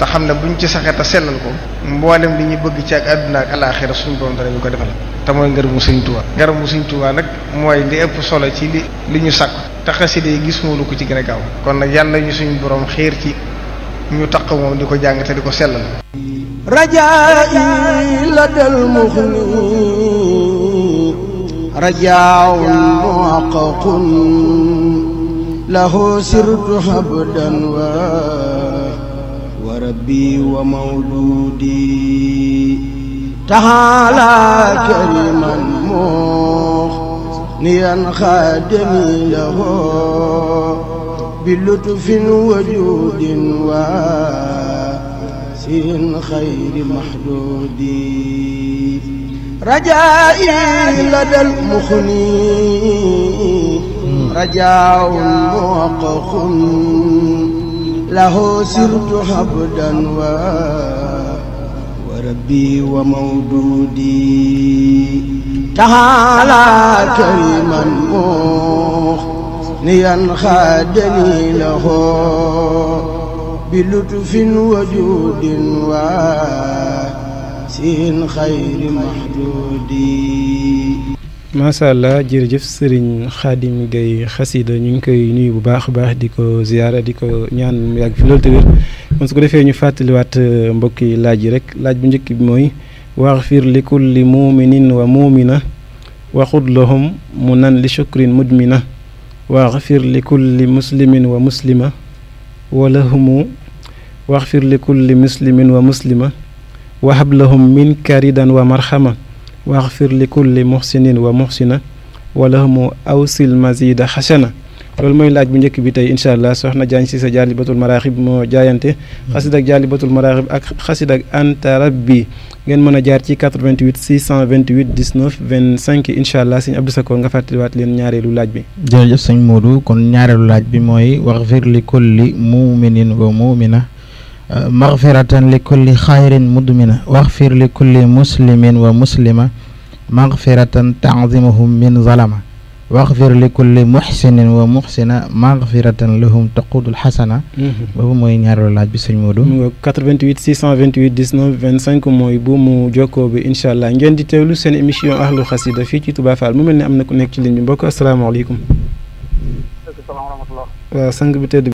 ta xam buñ ci saxee te sellal ko mboolem li ñi bëgg ci ak aduna ak alaxira suñ borom danañu ko defal ta moy ngeer mu señ tuwa ngeer mu señ tuwa nak moy li ëpp solo ci li li ñu sàkk ta xasside gis gis lu ko ci gëna gaaw kon nak yalla ñu suñu borom xeer ci ñu taq mo diko jang jàng te di ko sellal رجائي لدى المخلوق رجاء محقق lahu سرت habdan wa ربي ومولودي تعالى كريما مغنيا خادمي له بلطف وجود واسع خير محدودي رجائي لدى المخني رجاء موقخ له سرت حبدا و وربي ومودودي تعالى كريما مخنيا خادني له بلطف وجود واسين خير محدودي macha allah jërëjëf sëriñ Xaadim Gaye xasida ñu ngi koy nuyu bu baax a baax di ko ziyaara di ko ñaan mu yàgg fi loolu te wér kon su ko defee ñu fàttaliwaat euh, mbokki laaj yi rek laaj bu njëkk bi mooy waxfir li kulli muuminin wa muumina waxud lahum mu nan li shukrin mudmina waxfir li kulli muslimin wa muslima walahumu waxfir li kulli muslimin wa muslima wahab lahum min karidan wa marxama waxfir li kulli muxsinin wa muxsina wala mu awsil mazida xasana loolu mooy laaj bu njëkk bi tey incha allah soxna jaan si sa jaalibatul maraaxib moo jaayante xasid ak jaalibatul maraaxib ak xasid ak antarab bi ngeen mën a jaar ci 88 628 19 25 incha allah sëñ Abdou Sakor nga fàttaliwaat leen ñaareelu laaj bi jërëjëf sëñ Modou kon ñaareelu laaj bi mooy waxfir li kulli muminin wa mumina مغفرة لكل خير مدمنة واغفر لكل مسلم ومسلمة مغفرة تعظمهم من ظلمة واغفر لكل محسن ومحسنة مغفرة لهم تقود الحسنة بابو موي نيار لا بي سيني 628 19 25 موي بو مو جوكو بي ان شاء الله نجن دي تيلو سين ايميشن اهل الخصيده في تي توبا فال مو ملني امنا كو نيك تي لين السلام عليكم السلام ورحمه الله آه، سانك بي